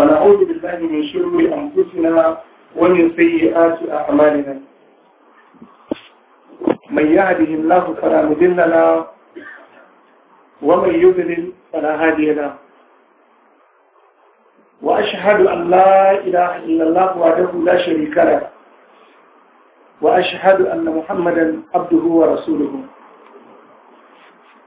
ونعوذ بالله من شر أنفسنا ومن سيئات أعمالنا من يهده الله فلا مذل له ومن يذلل فلا هادي له وأشهد أن لا إله إلا الله وحده لا شريك له وأشهد أن محمدا عبده ورسوله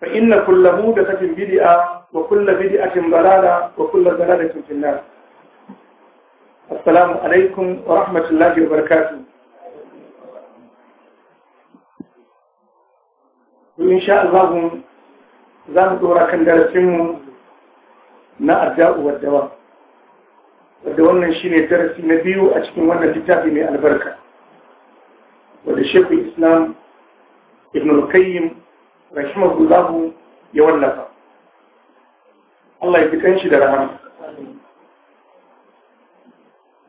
fa inna kulla muhdathatin bid'a wa kulla bid'atin dalala wa kulla dalalatin fi nar assalamu alaikum wa rahmatullahi wa barakatuh insha Allah za mu dora kan darasinmu na adda'u wa dawa wanda wannan shine darasi na biyu a cikin wannan littafi mai albarka Wanda shekul islam ibn al-qayyim rahimahullahu ya wallafa Allah ya fi shi da rahama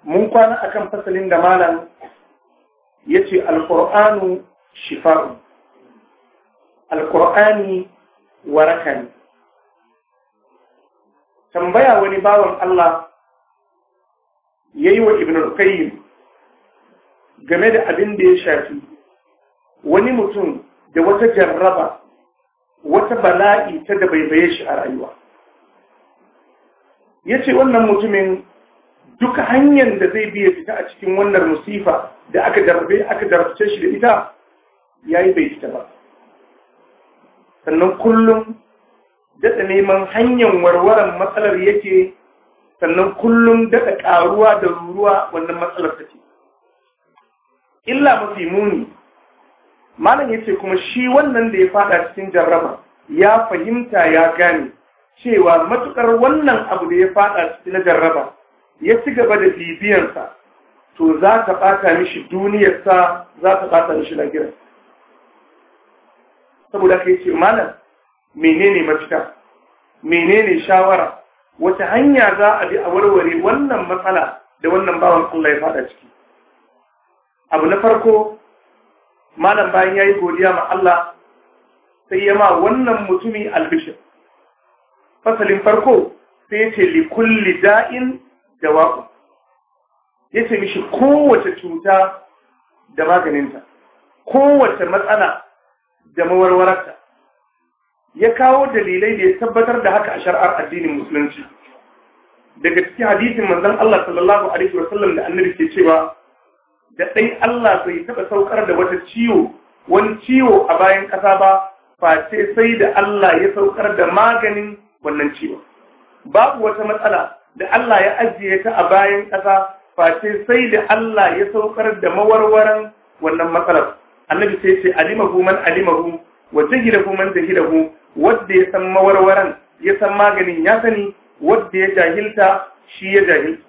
mun kwana akan fasalin da malam ya ce alƙur'anu shifa'u alƙur'ani waraka ne tambaya wani bawan Allah ya yi wa ibn al game da abin da ya shafi wani mutum da wata jarraba wata bala'i ta da baye shi a rayuwa ya ce wannan mutumin duka hanyar da zai biya fita a cikin wannan musifa da aka darbe aka darbce shi da ita ya yi bai fita ba sannan kullum daɗa neman hanyar warwaran matsalar yake sannan kullum daɗa ƙaruwa da ruruwa wannan matsalar take illa mafi muni malam ya ce kuma shi wannan da ya fada cikin jarraba ya fahimta ya gane cewa matukar wannan abu da ya fada cikin na jarraba ya ci gaba da bibiyansa to za ta bata mishi duniyarsa za ta bata mishi lagirar saboda kai ce malam menene mafita menene shawara wata hanya za a bi a warware wannan matsala da wannan bawan Allah ya fada ciki abu na farko malam bayan ya yi godiya ma Allah sai ya ma wannan mutumi albishir fasalin farko sai ya li kulli da'in jawabu. ya ce mishi kowace cuta da maganinta kowace matsala da mawarwararta ya kawo dalilai da ya tabbatar da haka a shari'ar addinin musulunci daga cikin hadisin manzon Allah sallallahu alaihi wasallam da annabi ke cewa da ɗai Allah bai taɓa saukar da wata ciwo wani ciwo a bayan ƙasa ba face sai da Allah ya saukar da maganin wannan ciwo babu wata matsala da Allah ya ajiye ta a bayan ƙasa face sai da Allah ya saukar da mawarwaran wannan matsalar annabi sai ce alimahu man alimahu wa jahilahu man jahilahu wanda ya san mawarwaran ya san maganin ya sani wadda ya jahilta shi ya jahilta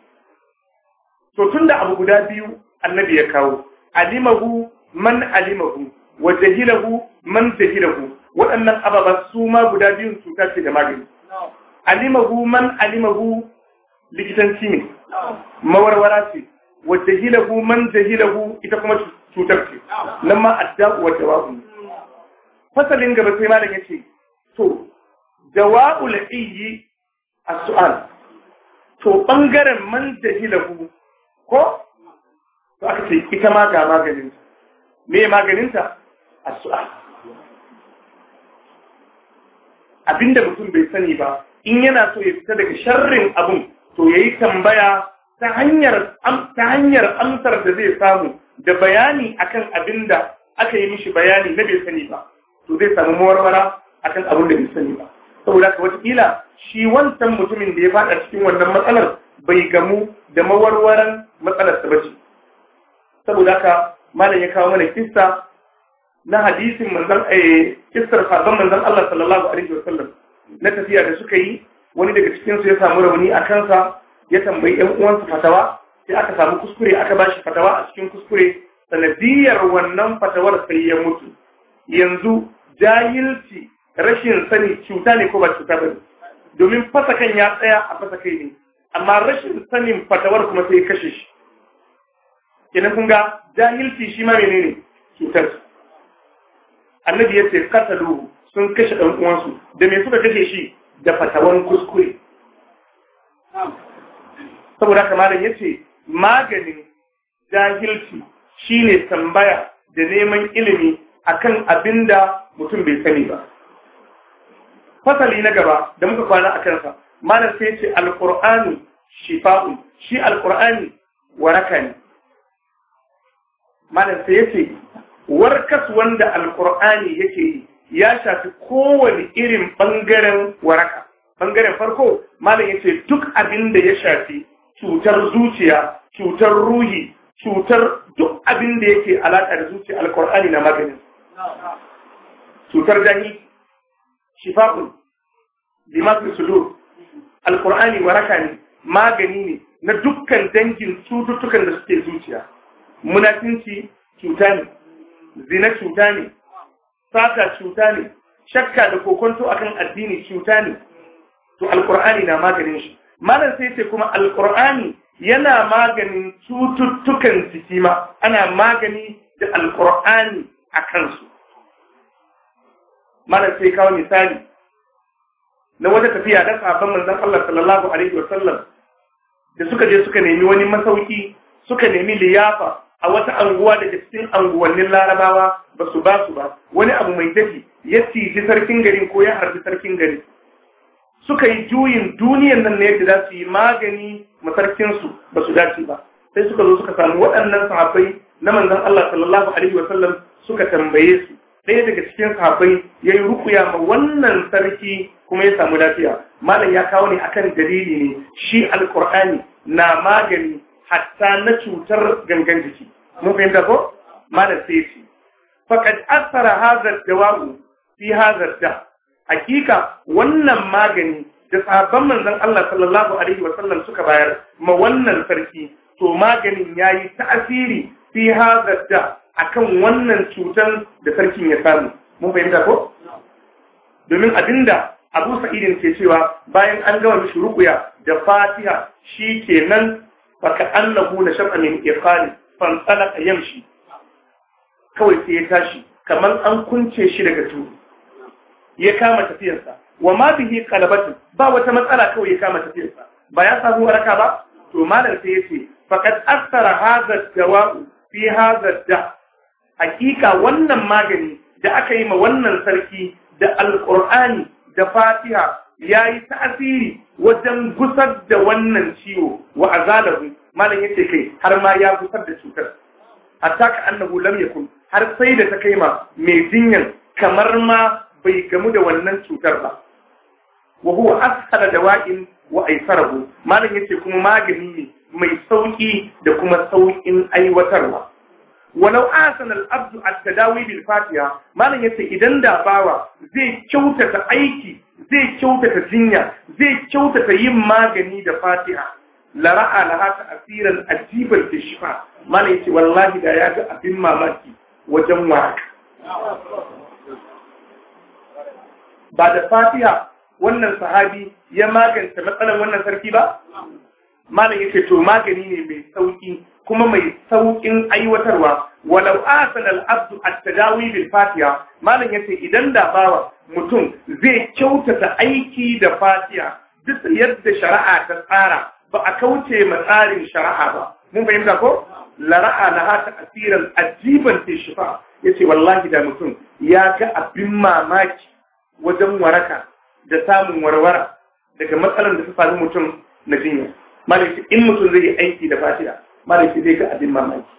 to tun da abu guda biyu annabi ya kawo alimahu man alimahu wa jahilahu man jahilahu waɗannan ababa su ma guda biyun cuta ce da magani alimahu man alimahu likitanci ne mawarwara ce wa jahilahu man jahilahu ita kuma cutar ce nan ma adda'u wa jawabu fasalin gaba sai malam yace to jawabul a as-su'al to ɓangaren man jahilahu ko to aka ce ita ma ga maganinta me maganinta a Abin abinda mutum bai sani ba in yana so ya fita daga sharrin abun to ya yi tambaya ta hanyar amsar da zai samu da bayani akan abinda aka yi mishi bayani na bai sani ba to zai samu mawarwara akan abin da bai sani ba saboda ka watakila shi wancan mutumin da ya faɗa cikin wannan matsalar bai gamu da mawarwaran matsalar ta bace saboda haka malam ya kawo mana kissa na hadisin manzon eh kissar sabon manzon Allah sallallahu alaihi wasallam na tafiya da suka yi wani daga cikin su ya samu rauni a kansa ya tambayi ɗan uwansa fatawa sai aka samu kuskure aka bashi fatawa a cikin kuskure sanadiyar wannan fatawar sai ya mutu yanzu jahilci rashin sani cuta ne ko ba cuta ba domin fasa kan ya tsaya a fasa kai ne amma rashin sanin fatawar kuma sai ya kashe shi kina kun ga jahilci shi ma menene cutar su annabi ya ce qataluhu sun kashe ɗan uwansu da me suka kashe shi da fatawan kuskure saboda haka malam ya ce maganin jahilci shine tambaya da neman ilimi akan abin da mutum bai sani ba fasali na gaba da muka kwana a kansa malam sai ce Alƙur'ani shifa'un shi Alƙur'ani waraka ne malam sai yace warkas wanda alƙur'ani yake yi ya shafi kowane irin bangaren waraka bangaren farko malam yace duk abin da ya shafi cutar zuciya cutar ruhi cutar duk abin da yake alaƙa da zuciya alqur'ani na maganin. cutar dahi shifa'un limatul sudur alqur'ani waraka ne magani ne na dukkan dangin cututtukan da suke zuciya munafinci cuta ne zina cuta ne sata cuta ne shakka da kokonto akan addini cuta ne to alqur'ani na maganin shi malam sai ce kuma alqur'ani yana maganin cututtukan jiki ma ana magani da alqur'ani a kansu malam sai kawo misali na wata tafiya da sahabban manzon Allah sallallahu alaihi wasallam da suka je suka nemi wani masauki suka nemi liyafa a wata anguwa daga cikin anguwannin larabawa ba su ba su ba wani abu mai dafi ya ciji sarkin gari ko ya harbi sarkin gari suka yi juyin duniyan nan ne yadda za su yi magani ma sarkinsu ba su dace ba sai suka zo suka samu waɗannan sahabbai na manzon Allah sallallahu alaihi wa sallam suka tambaye su ɗaya daga cikin sahabbai ya yi rukuya ma wannan sarki kuma ya samu lafiya malam ya kawo ne akan dalili ne shi alkur'ani na magani hatta na cutar gangan jiki mun fahimta ko malam sai ce faqad asara hadha dawa'u fi hadha da hakika wannan magani da sahabban manzon Allah sallallahu alaihi wa sallam suka bayar ma wannan sarki to maganin yayi ta'asiri fi hadha da akan wannan cutar da sarkin ya samu mun fahimta ko domin abinda Abu Sa'idin ke cewa bayan an gama mishi da Fatiha shi kenan فكأنه نشأ من إقال فانطلق يمشي kawai sai ya tashi kamar an kunce shi daga turu ya kama tafiyarsa wa ma bihi qalbatun ba wata matsala kawai ya kama tafiyarsa ba ya samu waraka ba to malam sai ya ce faqad asara hadha dawa'u fi hadha da hakika wannan magani da aka yi ma wannan sarki da alqur'ani da fatiha ya yi tasiri wajen gusar da wannan ciwo wa azalahu malam yace kai har ma ya gusar da cutar hatta ka annahu lam yakun har sai da ta kai ma mai jinyan kamar ma bai gamu da wannan cutar ba wa huwa da dawa'in wa aisarahu malam yace kuma magani ne mai sauki da kuma saukin aiwatarwa walau asana al-abdu at Fatiya malam yace idan da bawa zai kyautata aiki zai kyautata jinya zai kyautata yin magani da fatiha lara'a laha ta asiran ajibar da shifa mana yace wallahi da ya ga abin mamaki wajen waraka ba da fatiha wannan sahabi ya magance matsalar wannan sarki ba malam yace to magani ne mai sauki kuma mai saukin aiwatarwa walau asal al-abdu at-tadawi bil fatiha malam yace idan da bawa mutum zai kyautata aiki da fatiha duk yadda shari'a ta tsara ba a kauce ma tsarin shari'a ba mun fahimta ko lara'a na hata asiran ajiban fi shifa yace wallahi da mutum ya ga abin mamaki wajen waraka da samun warwara daga matsalar da ta faru mutum na jinya malaki in mutum zai yi aiki da fatiha malaki zai ga abin mamaki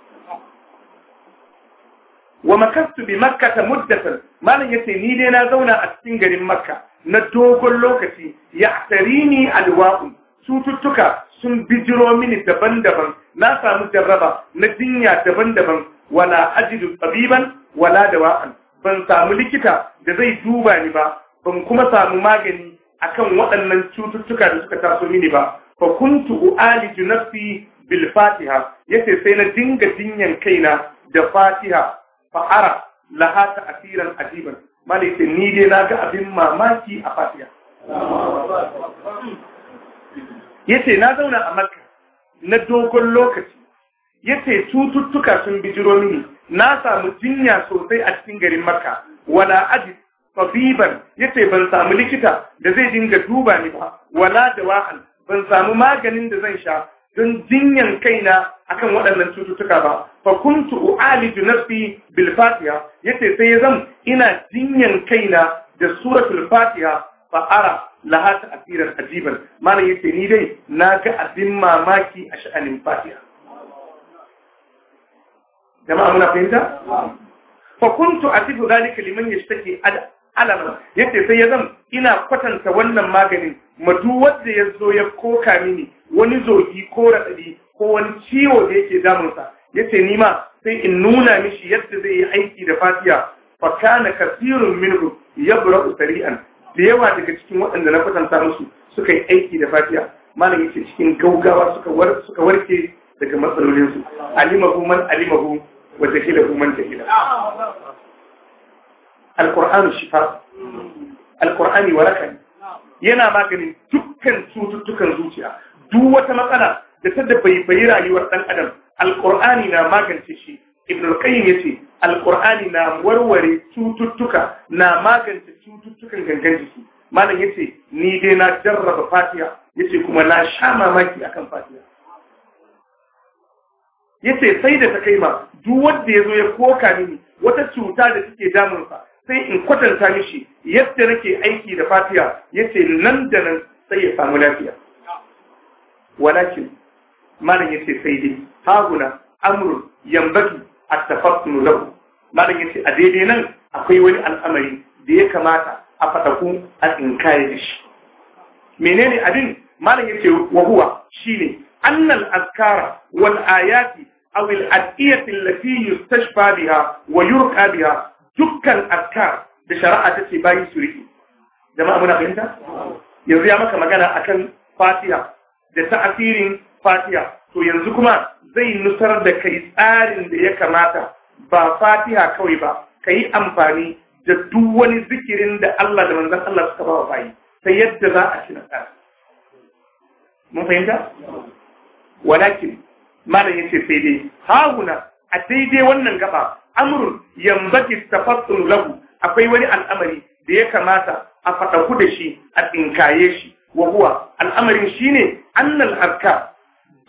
wa makastu bi makka ta muddatan malam yace ni dai na zauna a cikin garin makka na dogon lokaci ya tarini alwa'u cututtuka sun bijiro mini daban-daban na samu jarraba na jinya daban-daban wala ajidu tabiban wala dawa'an ban samu likita da zai duba ni ba ban kuma samu magani akan waɗannan cututtuka da suka taso mini ba fa kuntu u'aliju nafsi bil fatiha yace sai na dinga jinyan kaina da fatiha fa'ara la hata asiran ajiban malaka ni dai na ga abin mamaki a fatiya yace na zauna a makka na dogon lokaci yace cututtuka sun bijiro mini na samu jinya sosai a cikin garin makka wala ajib tabiban yace ban samu likita da zai dinga duba ni ba wala dawa'an ban samu maganin da zan sha don jinyan kaina akan waɗannan cututtuka ba fa kuntu u'aliju nafsi bil fatiha yace sai zan ina jinyan kaina da suratul fatiha fa ara laha ta'siran ajiban malam yace ni dai na ga abin mamaki a sha'anin fatiha jama'a muna fahimta fa kuntu asifu dhalika liman yashtaki alama yace sai ya zan ina kwatanta wannan maganin ma wanda ya zo ya koka mini wani zogi ko raɗaɗi ko wani ciwo da yake damunsa ya ni ma sai in nuna mishi yadda zai yi aiki da fatiya. fa kana kathirun minhu yabra'u da yawa daga cikin waɗanda na kwatanta musu suka yi aiki da fatiya. malam yace cikin gaugawa suka warke daga matsalolinsu. su alimahu man alimahu wa jahilahu man jahila alqur'anu shifa alqur'ani waraka yana maganin dukkan cututtukan zuciya duk wata matsala da ta da rayuwar dan adam Alƙur'ani na magance shi ibn al-qayyim yace Alƙur'ani na warware cututtuka na magance cututtukan gangan jiki malam yace ni dai na jarraba fatiha yace kuma na sha mamaki akan fatiha yace sai da ta kai ma duk wanda zo ya koka mini wata cuta da take damunsa sai in kwatanta mishi yadda nake aiki da fatiha yace nan da nan sai ya samu lafiya walakin malam yace sai dai haguna amru yambaki a tafakkun lahu malam ce, a daidai nan akwai wani al'amari da ya kamata a faɗaku a tsinkaya da shi menene abin malam yace wa huwa shine annal azkara wal ayati aw al adiyati allati yustashfa biha wa yurqa biha dukkan azkar da shari'a tace bayi su riki jama'a muna fahimta yanzu ya maka magana akan fatiha da ta'asirin fatiha to yanzu kuma zai nusar da kai tsarin da ya kamata ba fatiha kawai ba ka yi amfani da duk wani zikirin da Allah da manzan Allah suka ba wa bayi ta yadda za a ci nasara mun fahimta walakin malam yace sai dai hauna a daidai wannan gaba amrun Yambaki, tafassulu lahu akwai wani al'amari da ya kamata a faɗaku da shi a tsinkaye shi wa huwa al'amarin shine annal harka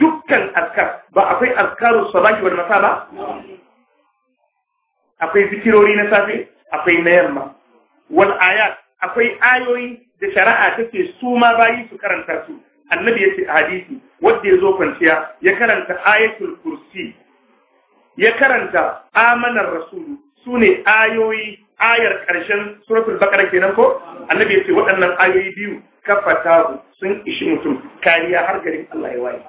dukkan askar ba akwai askarun sabaki wani masa ba akwai zikirori na safe akwai na yamma wal ayat akwai ayoyi da shari'a ta ke su ma bayi su karanta su annabi ya ce a hadisi wanda ya zo kwanciya ya karanta ayatul kursi ya karanta amanar rasulu sune ayoyi ayar ƙarshen suratul baqara kenan ko annabi ya ce waɗannan ayoyi biyu Kafata sun ishi mutum kariya har garin Allah ya waye.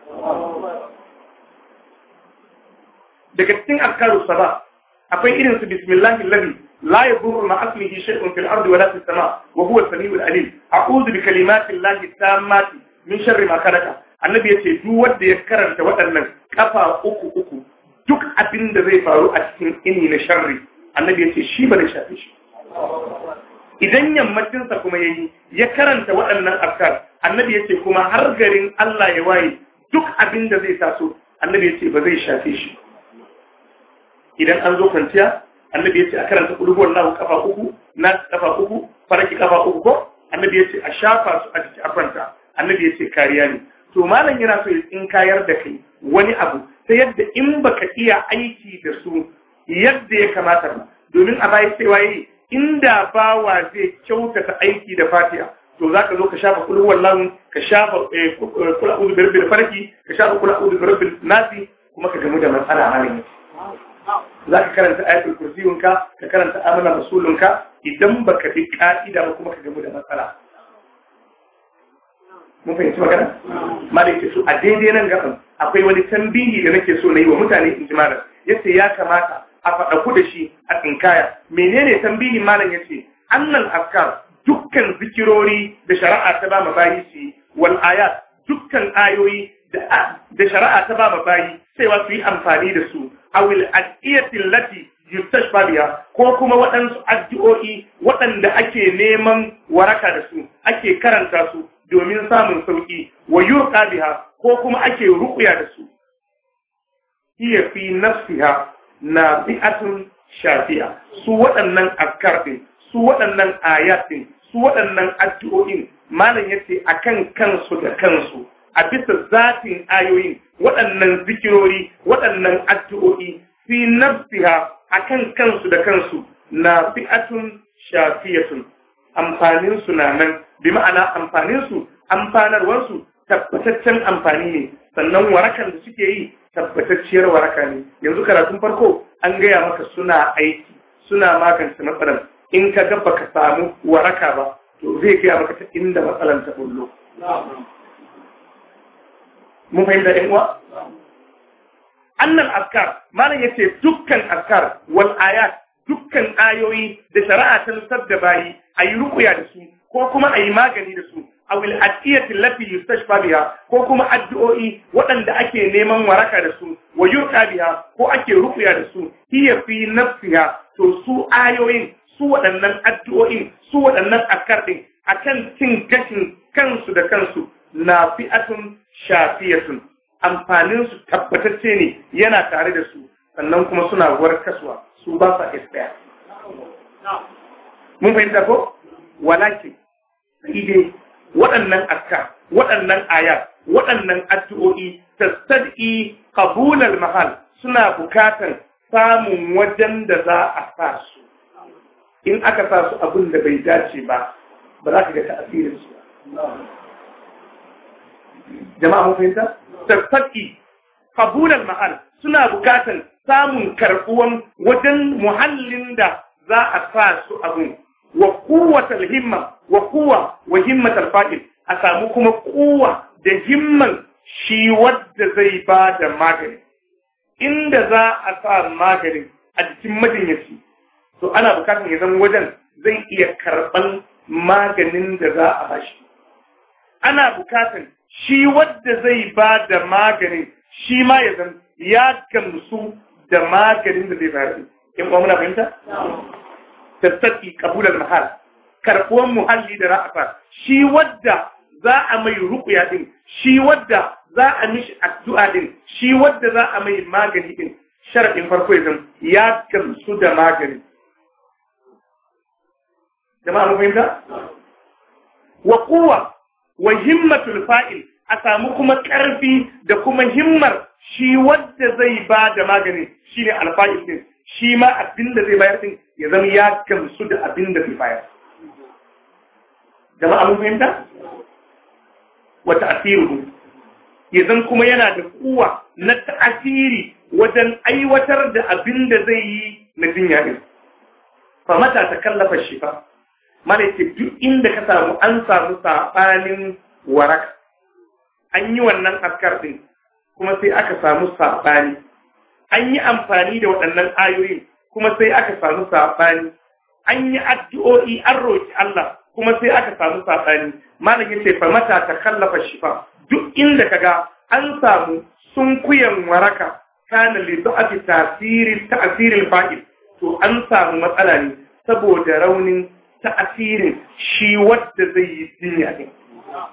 Daga cikin afkaru saba akwai irin su bismillahi ladhi la yadurru ma aslihi shay'un fil ardi wala fis sama wa huwa samiul alim a'udhu bi kalimati ta mati, min sharri ma khalaqa annabi yace duk wanda ya karanta waɗannan kafa uku uku duk abin da zai faru a cikin ini na sharri annabi yace shi ba da shafe shi idan yammacinsa kuma ya yi ya karanta waɗannan afkar annabi ya ce kuma har garin Allah ya waye duk abin da zai taso annabi ya ce ba zai shafe shi idan an zo kwanciya annabi ya ce a karanta ƙulubuwar lahu kafa uku na kafa uku faraki kafa uku ko annabi ya ce a shafa su a jiki a kwanta annabi ya ce kariya ne to malam yana so ya tsinkayar da kai wani abu ta yadda in baka iya aiki da su yadda ya kamata ba domin a baya cewa yi inda bawa zai kyautata aiki da fatiha to za ka zo ka shafa kul wallahu ka shafa kul eh, eh, a'udhu bi rabbil farki ka shafa kul a'udhu bi rabbil nasi kuma ka gamu da matsala halin za ka karanta ayatul kursiyunka ka karanta amana rasulunka idan baka bi ka'ida ba kuma ka gamu da matsala mun fahimci magana malam ce so a daidai nan gaban akwai wani tambihi da nake so na yi wa mutane in ji malam yace ya kamata a faɗaku da shi a tsinkaya menene tambihi malam yace Annan askar dukkan zikirori da shari'a ta ba ma su yi wal ayat dukkan ayoyi da shari'a ta ba ma bayi wa su yi amfani da su a awil adiyatin lati yustashfa fabiya ko kuma waɗansu addu'o'i waɗanda ake neman waraka da su ake karanta su domin samun sauƙi wa yurqa biha ko kuma ake ruƙuya da su iya fi nafsiha nafi'atun shafi'a su waɗannan azkar ɗin, su waɗannan ayatin ɗin, su waɗannan addu'o'in malam yace akan kansu da kansu a bisa zafin ayoyin waɗannan zikirori waɗannan addu'o'i fi nafsiha akan kansu da kansu na nafi'atun shafiyatun amfanin su na nan bi ma'ana amfanin su tabbataccen amfani ne sannan warakan da suke yi tabbatacciyar waraka ne yanzu karatun farko an gaya maka suna aiki suna magance matsalar in ka ga baka samu waraka ba to zai gaya maka ta inda matsalar ta bullo mun fahimta ɗan uwa annal askar malam yace dukkan askar wal ayat dukkan ayoyi da shari'a ta nusar da bayi ayi rukuya da su ko kuma ayi magani da su aw al adiyati yustashfa biha ko kuma addu'o'i waɗanda ake neman waraka da su wa biha ko ake ruqya da su hiya fi nafsiha to su ayoyin su waɗannan addu'o'i, su waɗannan askar akan cin gashin kansu da kansu nafi'atun shafiyatun amfanin su tabbatacce ne yana tare da su sannan kuma suna kasuwa, su ba sa mun fahimta ko walakin sai dai waɗannan aska waɗannan ayat waɗannan addu'o'i sad’i qabulal mahal suna bukatan samun wajen da za a sa su in aka sa su abin da bai dace ba ba za ka ga ta'asirin su jama'a mun fahimta sad’i qabulal mahal suna bukatan samun karɓuwan wajen muhallin da za a sa su abin wa kuwatar himma wa kuwa wa himmatar fa'il a samu kuma kuwa da himman shi wadda zai ba da magani inda za a sa magani a jikin majinyaci to ana bukatar ya zama wajen zai iya karɓan maganin da za a bashi ana bukatar shi wadda zai ba da maganin shi ma ya zama ya gamsu da maganin da zai bayar in kuma muna fahimta tattaki kabulan mahal karɓuwan muhalli da ra'afa shi wadda za a mai rukuya din shi wadda za a mishi addu'a din shi wadda za a mai magani din sharaɗin farko ya gamsu da magani jama'a mu fahimta wa quwwa wa himmatul fa'il a samu kuma ƙarfi da kuma himmar shi wadda zai ba da magani shine alfa'il din shi ma abin da zai bayar din ya zama ya gamsu da abin da zai bayar jama'a mun fahimta wata asiru ya zan kuma yana da kuwa na ta'asiri wajen aiwatar da abin da zai yi na jinya din fa mata ta kallafa shi fa mana ce duk inda ka samu an samu saɓanin waraka an yi wannan askar din kuma sai aka samu saɓani an yi amfani da waɗannan ayoyin kuma sai aka samu saɓani an yi addu'o'i an roƙi Allah kuma sai aka samu saɓani malam yace fa mata ta kallafa shifa duk inda ka ga an samu sunkuyan waraka kana li du'ati tasiri taasirin fa'il to an samu matsala ne saboda raunin ta'asirin shi wadda zai yi jinya ne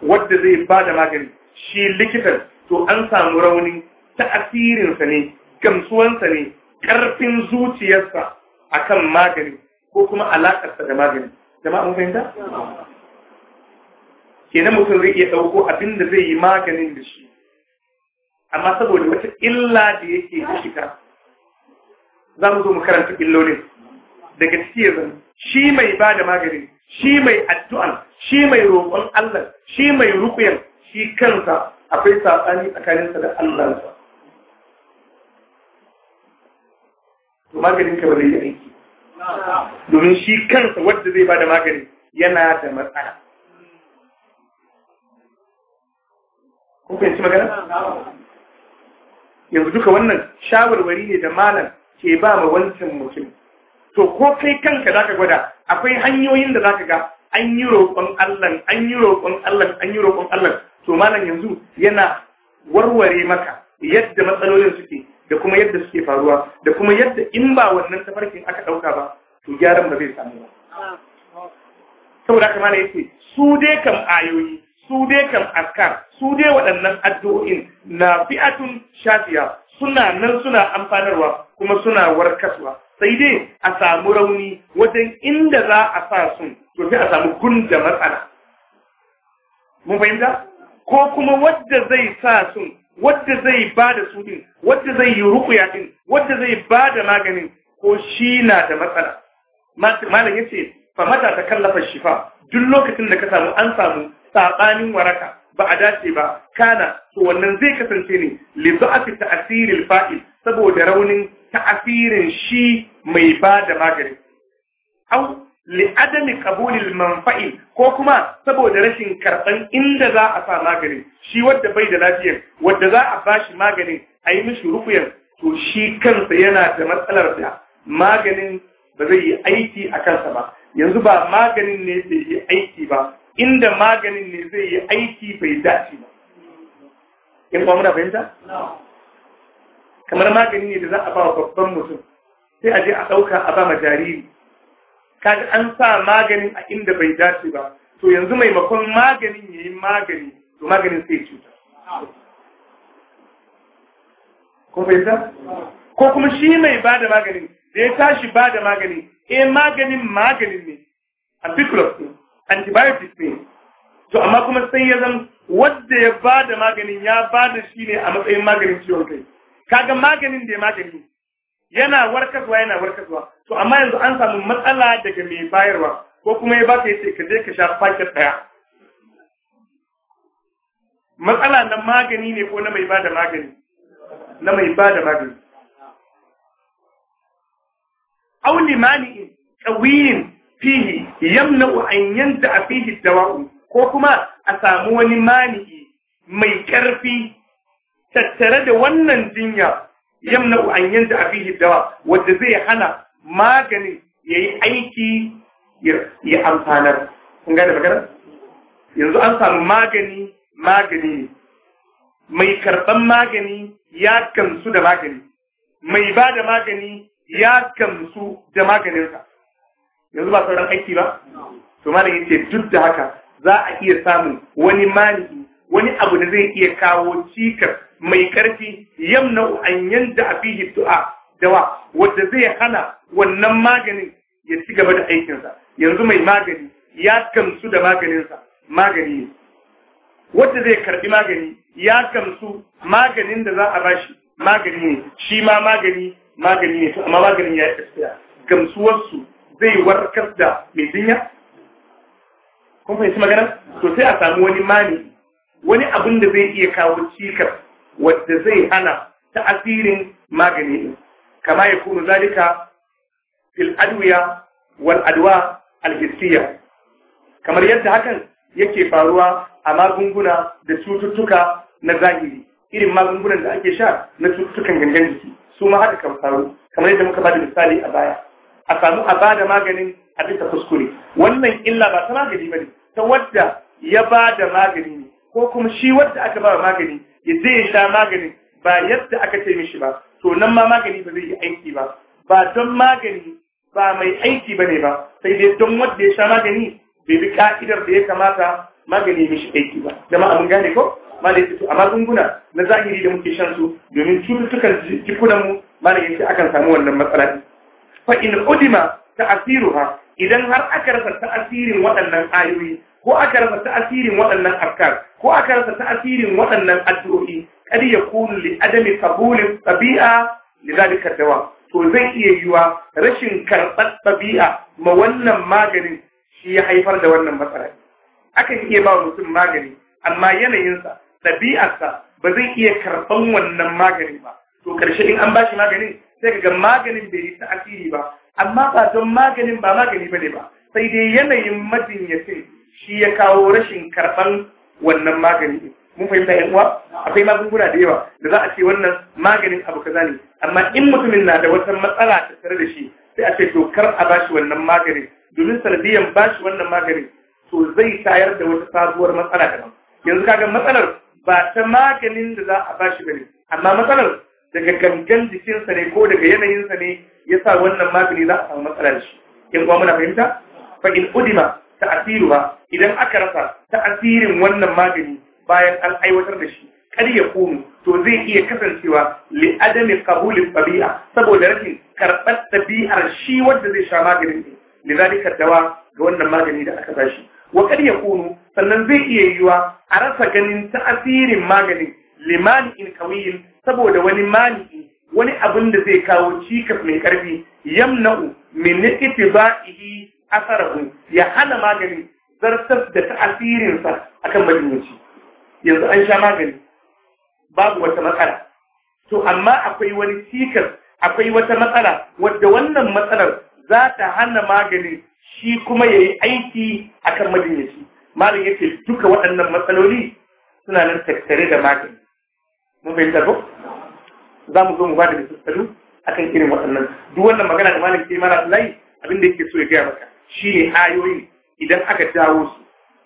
wadda zai ba da magani shi likitan to an samu raunin ta'asirinsa ne gamsuwansa ne ƙarfin zuciyarsa a kan magani ko kuma alaƙarsa da magani jama'a mun fahimta kenan mutum zai iya ɗauko abin da zai yi maganin da shi amma saboda wata illa da yake da shiga za mu zo mu karanta illolin daga ciki ya zama shi mai ba da magani shi mai addu'an shi mai roƙon Allah shi mai rukuyan shi kansa akwai saɓani tsakaninsa da Allahnsa to maganin ka ba zai yi aiki domin shi kansa wadda zai bada magani yana da matsala kun magana yanzu duka wannan shawarwari ne da malam ke ba ma wancan mutum to ko kai kanka zaka gwada akwai hanyoyin da zaka ga an yi roƙon Allah an yi roƙon Allah an yi roƙon Allah to malam yanzu yana warware maka yadda matsalolin suke da kuma yadda suke faruwa da kuma yadda in ba wannan tafarkin aka ɗauka ba to gyaran ba zai samu ba saboda kamar mana yace su dai kam ayoyi su dai kam askar su dai waɗannan addu'o'in na fi'atun shafiya suna nan suna amfanarwa kuma suna warkaswa sai dai a samu rauni wajen inda za a sa sun to sai a samu gunda matsala mun fahimta ko kuma wadda zai sa sun wadda zai ba da su ɗin, wadda zai yi rukuya din wadda zai ba da maganin ko shi na da matsala malam ya ce fa mata ta kallafa shifa duk lokacin da ka samu an samu saɓanin waraka ba a dace ba kana to wannan zai kasance ne li ta'asirin ta'asiril fa'il saboda raunin ta'asirin shi mai ba da magani au li'adami qabulil manfa'il ko kuma saboda rashin karban inda za a sa maganin shi wadda bai da lafiyar wadda za a bashi maganin a yi mishi rufiyar to shi kansa yana da matsalar da maganin ba zai yi aiki a kansa ba yanzu ba maganin ne zai yi aiki ba inda maganin ne zai yi aiki bai dace ba in kuma muna fahimta kamar magani ne da za a ba babban mutum sai a je a ɗauka a ba ma jariri kaga an sa maganin a inda bai dace ba to yanzu maimakon maganin ya yi magani to maganin sai cuta ko fahimta ko kuma shi mai ba da maganin da ya tashi ba da magani eh maganin maganin ne ambiculus ne antibiotics ne to amma kuma sai ya zan wadda ya ba da maganin ya ba da shi ne a matsayin maganin ciwon kai kaga maganin da ya magani yana warkaswa yana warkaswa to amma yanzu an samu matsala daga mai bayarwa ko kuma ya baka yace ka je ka sha paket daya matsala na magani ne ko na mai bada magani na mai bada magani aw limani'in qawiyin fihi yamna'u an yanda fihi dawa'u ko kuma a samu wani mani'i mai karfi tattare da wannan jinya yamna an yanda fihi dawa wanda zai hana maganin ya yi aiki ya amfanar kun gane magana yanzu an samu magani magani mai karɓan magani ya gamsu da magani mai ba da magani ya gamsu da maganinsa yanzu ba sauran aiki ba to malam yace duk da haka za a iya samun wani mani wani abu da zai iya kawo cikas mai karfi yamna an yanda fi du'a dawa wadda zai hana wannan maganin ya ci gaba da aikinsa yanzu mai magani ya gamsu da maganinsa magani ne wadda zai karbi magani ya gamsu maganin da za a bashi magani ne shi ma magani magani ne to amma maganin ya tsaya gamsuwarsu zai warkar da mai jinya kun fahimci magana to sai a samu wani mani wani abin da zai iya kawo cikas wadda zai hana ta'asirin magani kamar kama ya kunu zalika fil adwiya wal adwa al kamar yadda hakan yake faruwa a magunguna da cututtuka na zahiri irin magungunan da ake sha na cututtukan gangan jiki su ma haka kan faru kamar yadda muka bada misali a baya a samu a bada maganin a bisa kuskure wannan illa ba ta magani bane ta wadda ya bada magani ne ko kuma shi wadda aka ba magani ya je ya sha magani ba yadda aka ce mishi ba to nan ma magani ba zai yi aiki ba ba don magani ba mai aiki ba ne ba sai dai don wanda ya sha magani bai bi ka'idar da ya kamata magani mishi aiki ba da ma'amun gane ko malai fito a magunguna na zahiri da muke shan su domin cututtukan jikunan mu malai yace akan samu wannan matsala fa in udima ha, idan har aka rasa ta'asirin waɗannan ayoyi ko aka rasa ta'asirin waɗannan afkar ko aka rasa ta'asirin waɗannan addu'o'i ya kulu li adami qabulin tabi'a li zalika dawa to zai iya yiwa rashin karɓar tabi'a ma wannan maganin shi ya haifar da wannan matsala akan iya ba mutum magani amma yanayinsa ɗabi'arsa ba zai iya karɓan wannan magani ba to karshe in an bashi maganin sai ga maganin bai yi ta'asiri ba amma ba don maganin ba magani bane ba sai dai yanayin majinyacin shi ya kawo rashin karɓan wannan magani mun fahimta yan uwa akwai magunguna da yawa da za a ce wannan maganin abu kaza ne amma in mutumin na da wata matsala ta tare da shi sai a ce to kar a bashi wannan maganin domin sanadiyan bashi wannan maganin to zai tayar da wata sabuwar matsala daban yanzu kaga matsalar ba ta maganin da za a bashi bane amma matsalar daga gangan jikinsa ne ko daga yanayinsa ne ya sa wannan magani za a samu matsala da shi yan uwa muna fahimta fa in udima ta'asiruha idan aka rasa ta'asirin wannan magani bayan an aiwatar da shi kar ya to zai iya kasancewa li adami qabulin tabi'a saboda rashin karɓar tabi'ar shi wanda zai sha maganin ne lidalika dawa ga wannan magani da aka sashi wa kar ya sannan zai iya yiwa a rasa ganin ta'asirin maganin limani in kawiyin saboda wani mani wani abin da zai kawo cikas mai karfi yamna'u min ittiba'ihi asarahu ya hana magani zartar da ta'asirinsa akan majinyaci yanzu an sha magani babu wata matsala to amma akwai wani cikas akwai wata matsala wadda wannan matsalar za ta hana magani shi kuma ya yi aiki akan majinyaci malam yake duka waɗannan matsaloli suna nan tattare da magani mun bai tarbo za mu zo mu bada da misalsalu akan irin waɗannan duk wannan magana da malam ke mara layi abinda yake so ya gaya maka shi ne ayoyin idan aka jawo su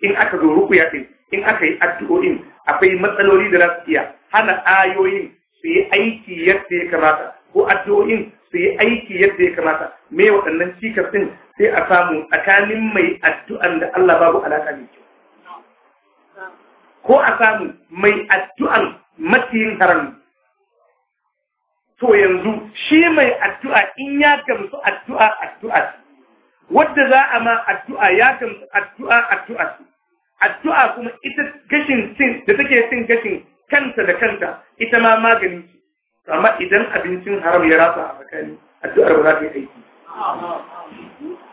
in aka zo rukuya ɗin in aka yi addu'o'in akwai matsaloli da za su iya hana ayoyin su yi aiki yadda ya kamata ko addu'o'in su yi aiki yadda ya kamata me waɗannan cikas ɗin sai a samu tsakanin mai addu'an da Allah babu alaƙa mai kyau ko a samu mai addu'an matiyin haram to yanzu shi mai addu'a in ya gamsu addu'a addu'a wadda za a ma addu'a ya kan addu'a addu'a addu'a kuma ita gashin sin da take cin gashin kanta da kanta ita ma magani ce amma idan abincin haram ya rasa a tsakani addu'ar ba za ta yi aiki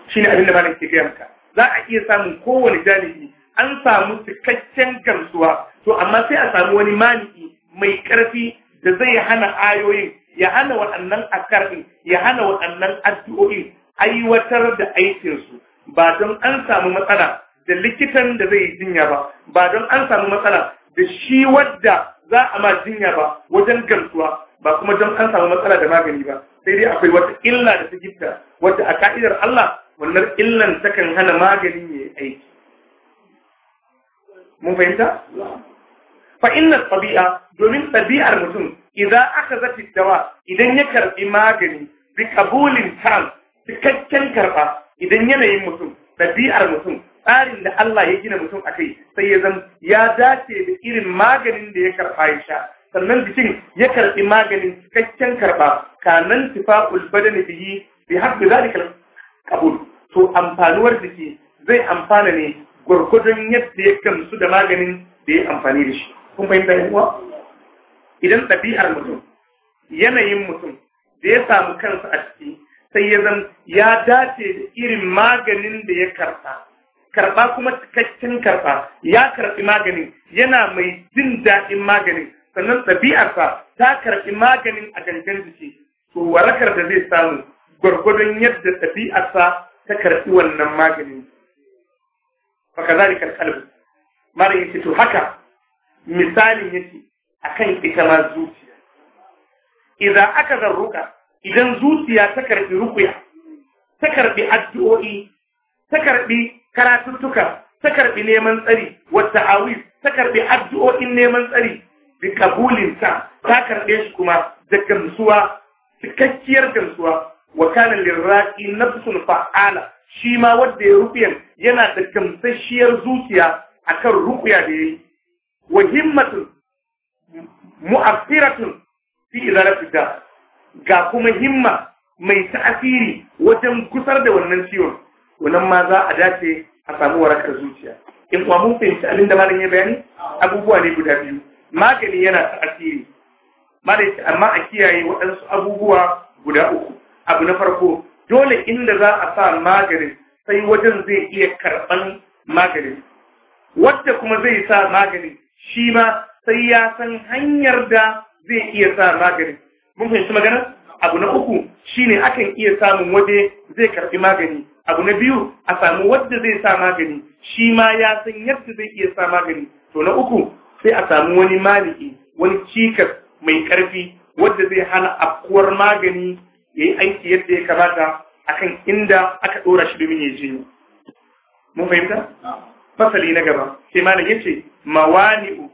shine abin da malam ke gaya maka za a iya samun kowane jami'i an samu cikakken gamsuwa to amma sai a samu wani mani'i mai ƙarfi da zai hana ayoyin ya hana waɗannan akarɗin ya hana waɗannan addu'o'in aiwatar da aikinsu ba don an samu matsala da likitan da zai yi jinya ba ba don an samu matsala da shi wadda za a ma jinya ba wajen gamsuwa ba kuma don an samu matsala da magani ba sai dai akwai wata illa da ta gifta wadda a ka'idar Allah wannan illan takan hana magani ya aiki mun fahimta fa inna tabi'a domin tabi'ar mutum idan aka zafi dawa idan ya karbi magani bi kabulin tam cikakken karɓa idan yanayin mutum ɗabi'ar mutum tsarin da Allah ya gina mutum a kai sai ya zama ya dace da irin maganin da ya karɓa ya sha sannan jikin ya karɓi maganin cikakken karɓa kanan tufa'ul badani bihi bi haɗu zalikal kabul to amfanuwar jiki zai amfana ne gwargwadon yadda ya gamsu da maganin da ya amfani da shi kun fahimta yan uwa idan ɗabi'ar mutum yanayin mutum da ya samu kansa a ciki sai ya zan ya dace da irin maganin da ya karɓa karɓa kuma cikakken karɓa ya karɓi maganin yana mai jin daɗin maganin sannan ɗabi'arsa ta karɓi maganin a gangan jiki to warakar da zai samu gwargwadon yadda ɗabi'arsa ta karɓi wannan maganin fa kazalika alqalb mara yace to haka misalin yake akan ita ma zuciya idan aka zan zarruka idan zuciya ta karɓi rukuya ta karɓi addu'o'i ta karɓi karatuttuka ta karɓi neman tsari wata awi, ta karɓi addu'o'in neman tsari bi kabulinsa ta karɓe shi kuma da gamsuwa cikakkiyar gamsuwa wa kana na nafsun fa'ala shi ma wanda ya rukuyan yana da gamsasshiyar zuciya kan rukuya da yayi wa himmatun mu'affiratun fi idarar da ga kuma himma mai ta'asiri wajen gusar da wannan ciwon wannan ma za a dace a samu warakar zuciya in kuma mun fahimci abin da malam ya bayani abubuwa ne guda biyu magani yana ta'asiri malam amma a kiyaye waɗansu abubuwa guda uku abu na farko dole inda za a sa maganin sai wajen zai iya karɓan maganin wadda kuma zai sa maganin shi ma sai ya san hanyar da zai iya sa maganin mun fahimci magana abu na uku shine akan iya samun waje zai karbi magani abu na biyu a samu wadda zai sa magani shi ma ya san yadda zai iya sa magani to na uku sai a samu wani maliki wani cikas mai karfi wadda zai hana afkuwar magani ya yi aiki yadda ya kamata akan inda aka ɗora shi domin ya je mun fahimta fasali na gaba sai malam yace mawani'u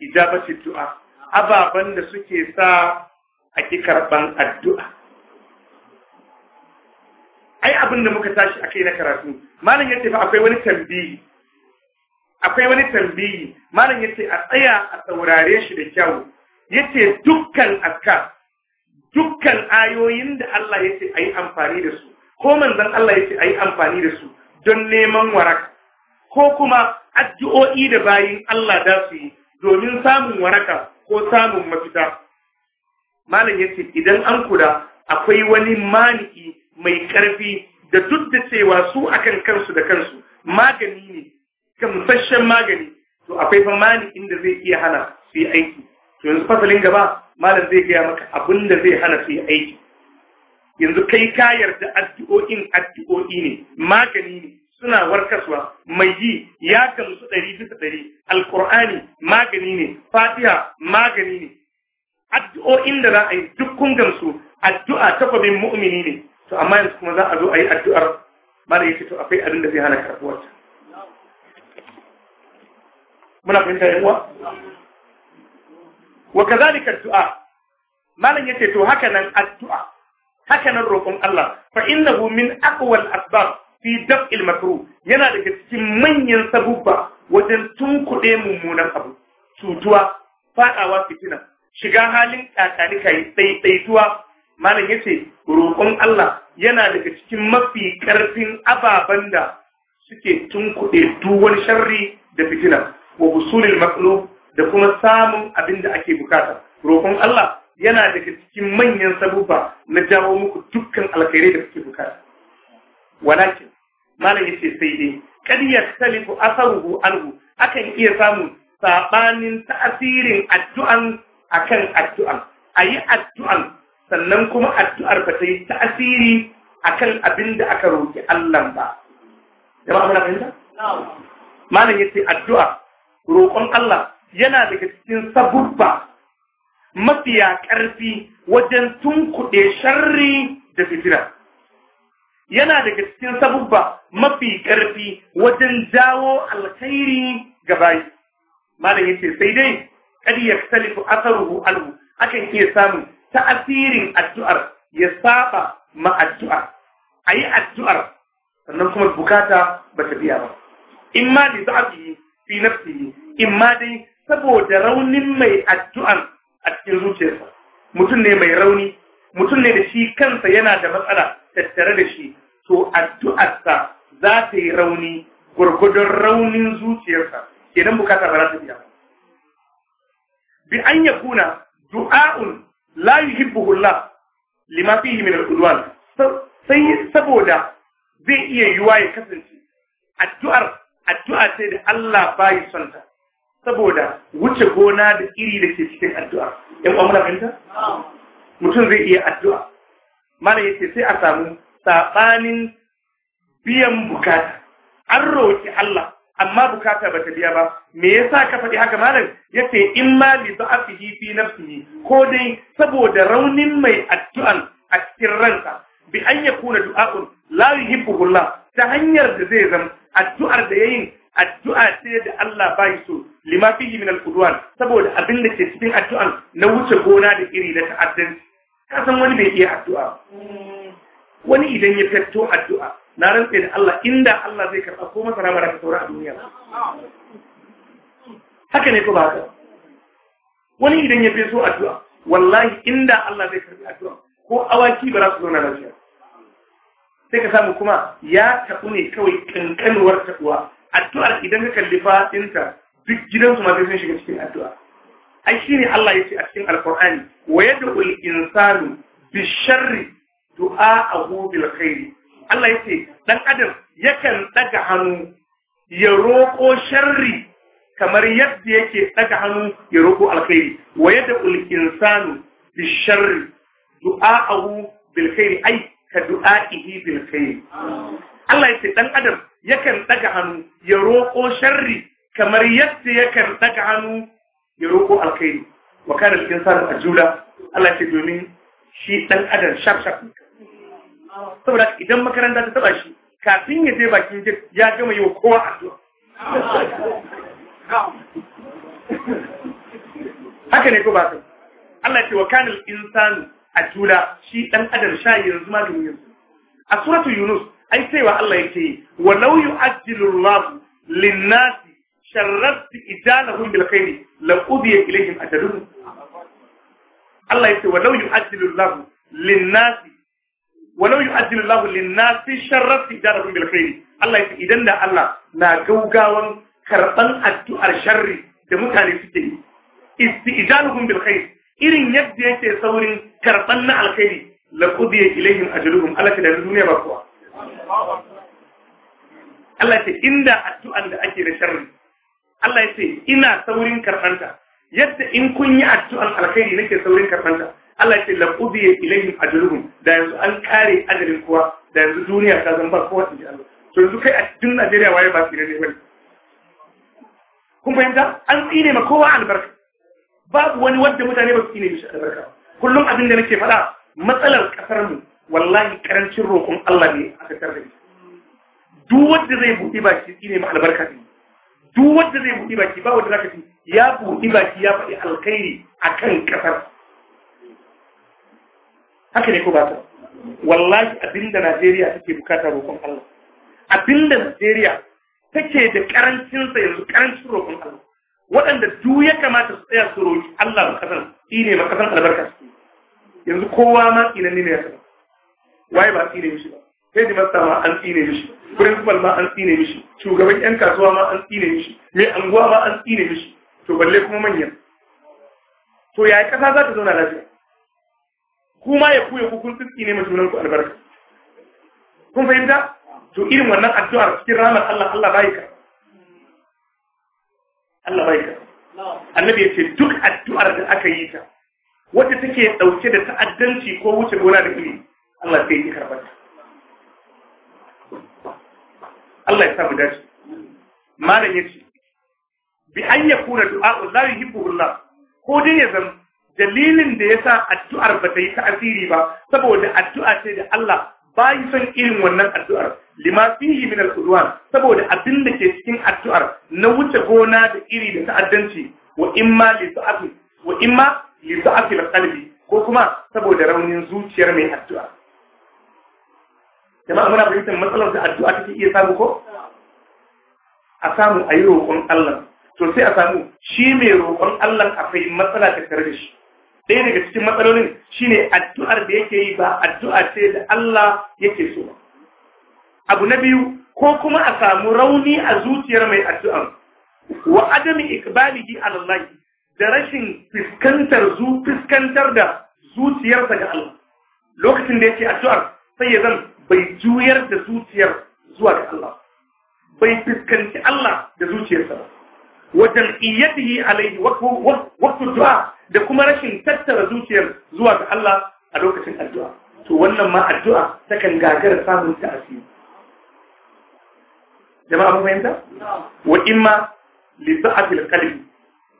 ijabati du'a ababan da suke sa a addu'a ai abin da muka tashi a kai na karatu malam ya ce fa akwai wani tambayi akwai wani tambayi malam ya ce a tsaya a saurare shi da kyau ya ce dukkan aska, dukkan ayoyin da Allah ya ce a yi amfani da su ko manzon Allah ya ce a yi amfani da su don neman waraka ko kuma addu'o'i da bayin Allah da su yi domin samun waraka ko samun mafita malam ya ce idan an kula akwai wani maniki mai ƙarfi da duk da cewa su akan kansu da kansu magani ne gamsashen magani to akwai fa mani'in da zai iya hana su yi aiki to yanzu fasalin gaba malam zai gaya maka abin da zai hana su yi aiki yanzu kai ka yarda addu'o'in addu'o'i ne magani ne suna warkaswa mai yi ya gamsu ɗari bisa ɗari alƙur'ani magani ne fatiha magani ne addu'o'in da za a yi duk kun addu'a ta kwabin mu'mini ne to amma yanzu kuma za a zo a yi addu'ar mara yake to akwai abin da zai hana karɓuwar ta muna fahimta yan uwa wa kazalika addu'a malam yace to haka nan addu'a haka nan roƙon Allah fa innahu min aqwal asbab fi daf'il makruh yana daga cikin manyan sabubba wajen tunkuɗe mummunan abu cutuwa faɗawa fitina shiga halin ka yi tsaitsaituwa malam ya ce roƙon Allah yana daga cikin mafi ƙarfin ababen da suke tunkuɗe duwar sharri da fitina wa busulil maqlub da kuma samun abin da ake bukata roƙon Allah yana daga cikin manyan sabubba na jawo muku dukkan alkhairai da suke bukata walakin malam ya ce sai dai kad yastalifu asaruhu anhu akan iya samun sabanin ta'asirin addu'an akan addu'an yi addu'ar, sannan kuma addu'ar ba ta yi ta'asiri akan abin da aka roƙi Allah ba jama'a muna fahimta malam yace addu'a roƙon Allah yana daga cikin sabubba mafiya ƙarfi wajen tunkuɗe sharri da fitina yana daga cikin sabubba mafi ƙarfi wajen jawo alkhairi ga bayi. Malam yace sai dai ya salifu asaruhu alhu akan iya samun ta'asirin addu'ar ya saba ma addu'a ayi addu'ar sannan kuma bukata ba ta biya ba in ma li da'abihi fi nafsihi in ma dai saboda raunin mai addu'an a cikin zuciyarsa mutum ne mai rauni mutum ne da shi kansa yana da matsala tattare da shi to addu'arsa za ta yi rauni gwargwadon raunin zuciyarsa kenan bukata ba za ta biya ba bi an yakuna du'a'un la yuhibbuhu Allah lima fihi min al-udwan sai saboda zai iya yiwa ya kasance addu'ar addu'a ce da Allah bai son saboda wuce gona da iri da ke cikin addu'a yan uwa muna mutum zai iya addu'a mana yace sai a samu sabanin biyan bukata an roki Allah amma bukata bata biya ba me yasa ka faɗi haka malam yace in ma li da'afihi fi nafsihi ko dai saboda raunin mai addu'an a cikin ranka bi an yakuna du'a'un la yuhibbu Allah ta hanyar da zai zama addu'ar da yayin addu'a ce da Allah bai so lima fihi min al-qudwan saboda abin da ke cikin addu'an na wuce gona da iri na ta'addanci ka san wani bai iya addu'a mm. wani idan ya fito addu'a na rantse da Allah inda Allah zai karɓa ko masa rama da sauran saura a duniya ba haka ne ko ba haka wani idan ya feso addu'a wallahi inda Allah zai karɓi addu'a ko awaki ba za su zauna lafiya sai ka samu kuma ya taɓu ne kawai kankanuwar taɓuwa addu'ar idan ka kalli faɗinta, duk gidansu ma sai sun shiga cikin addu'a ai ne Allah ya ce a cikin Alƙur'ani. wa yadda al-insanu bi-sharri a bil khairi Allah ya ce ɗan adam yakan ɗaga hannu ya roƙo sharri kamar yadda yake ɗaga hannu ya roƙo alkhairi wa yadda ulkinsanu bi sharri du'a'ahu bil khairi ai ka du'a'ihi bil khairi Allah ya ce ɗan adam yakan ɗaga hannu ya roƙo sharri kamar yadda yakan ɗaga hannu ya roƙo alkhairi wa kana al-insanu ajula Allah ya ce domin shi ɗan adam shaf saboda idan makaranta ta taba shi kafin ya je bakin jet ya gama yi wa kowa zuwa. haka ne ko ba su Allah ce wa kanil insanu ajula shi dan adam sha yanzu ma domin yanzu a suratu yunus ai wa Allah yake law yu'ajjilu Allah lin-nasi sharrat ijalahum bil khair la qudiya ilayhim ajaluhum Allah yake law yu'ajjilu Allah lin-nasi walau yu'ajjilu Allahu lin-nasi sharra tijaratuhum bil khair Allah ya idan da Allah na gaugawan karban addu'ar sharri da mutane suke yi istijaluhum bil khair irin yadda yake saurin karban na alkhairi la qudiya ilaihim ajruhum Allah da duniya ba kuwa Allah ya inda addu'an da ake da sharri Allah ya ina saurin karbanta yadda in kun yi addu'an alkhairi nake saurin karbanta Allah ya ce la qudiya ilaihim ajruhum da yanzu an kare ajalin kowa da yanzu duniya ta zama ba kowa in ji Allah to yanzu kai a cikin Najeriya waye ba tsire ne bane kun fahimta an tsine ma kowa albarka babu wani wanda mutane ba su tsine mishi albarka kullum abin da nake faɗa matsalar kasar mu wallahi karancin roƙon Allah ne a kasar da duk wanda zai buɗe baki tsine ma albarka ne duk wanda zai buɗi baki ba wanda zaka ci ya buɗe baki ya faɗi alkhairi akan kasar haka ne ko ba ta wallahi abinda Najeriya take bukata roƙon Allah abinda Najeriya take da karancin sa yanzu karancin roƙon Allah waɗanda duk ya kamata su tsaya su roƙi Allah ba kasan ne ba kasan albarka su yanzu kowa ma tsinan ne ya waye ba tsine mishi ba sai da masta ma an tsine mishi principal ma an tsine mishi shugaban yan kasuwa ma an tsine mishi mai anguwa ma an tsine mishi to balle kuma manyan to yaya kasa za ta zauna lafiya kuma ya kuya ku kun tsitsi ne majunan ku albarka kun fahimta to irin wannan addu'ar cikin ranar Allah Allah bai ka Allah bai ka Allah ya ce duk addu'ar da aka yi ta wadda take dauke da ta'addanci ko wuce gona da ilimi Allah sai ya karba ta Allah ya sa mu dace malam yace bi an yakuna du'a la yuhibbu Allah ko dai ya zama dalilin da ya sa addu'ar ba ta yi ta'asiri ba saboda addu'a ce da Allah ba yi son irin wannan addu'ar lima fihi min al-udwan saboda abin da ke cikin addu'ar na wuce gona da iri da ta'addanci wa imma li wa ko kuma saboda raunin zuciyar mai addu'a jama'a muna fahimtar matsalar da addu'a take iya samu ko a samu a yi roƙon Allah to sai a samu shi mai roƙon Allah akwai matsala ta tare da shi ɗaya daga cikin matsalolin shine addu'ar da yake yi ba addu'a ce da Allah yake so ba abu na biyu ko kuma a samu rauni a zuciyar mai addu'a wa adami ikbalihi ala Allah da rashin fiskantar zu fiskantar da zuciyarsa ga Allah lokacin da yake addu'ar sai ya zan bai juyar da zuciyar zuwa ga Allah bai fiskanci Allah da zuciyarsa ba wa jam'iyyatihi alaihi wasu du'a da kuma rashin tattara zuciyar zuwa ga Allah a lokacin addu'a to wannan ma addu'a takan gagara samun ta asiri jama'a mun fahimta wa imma li da'atil qalbi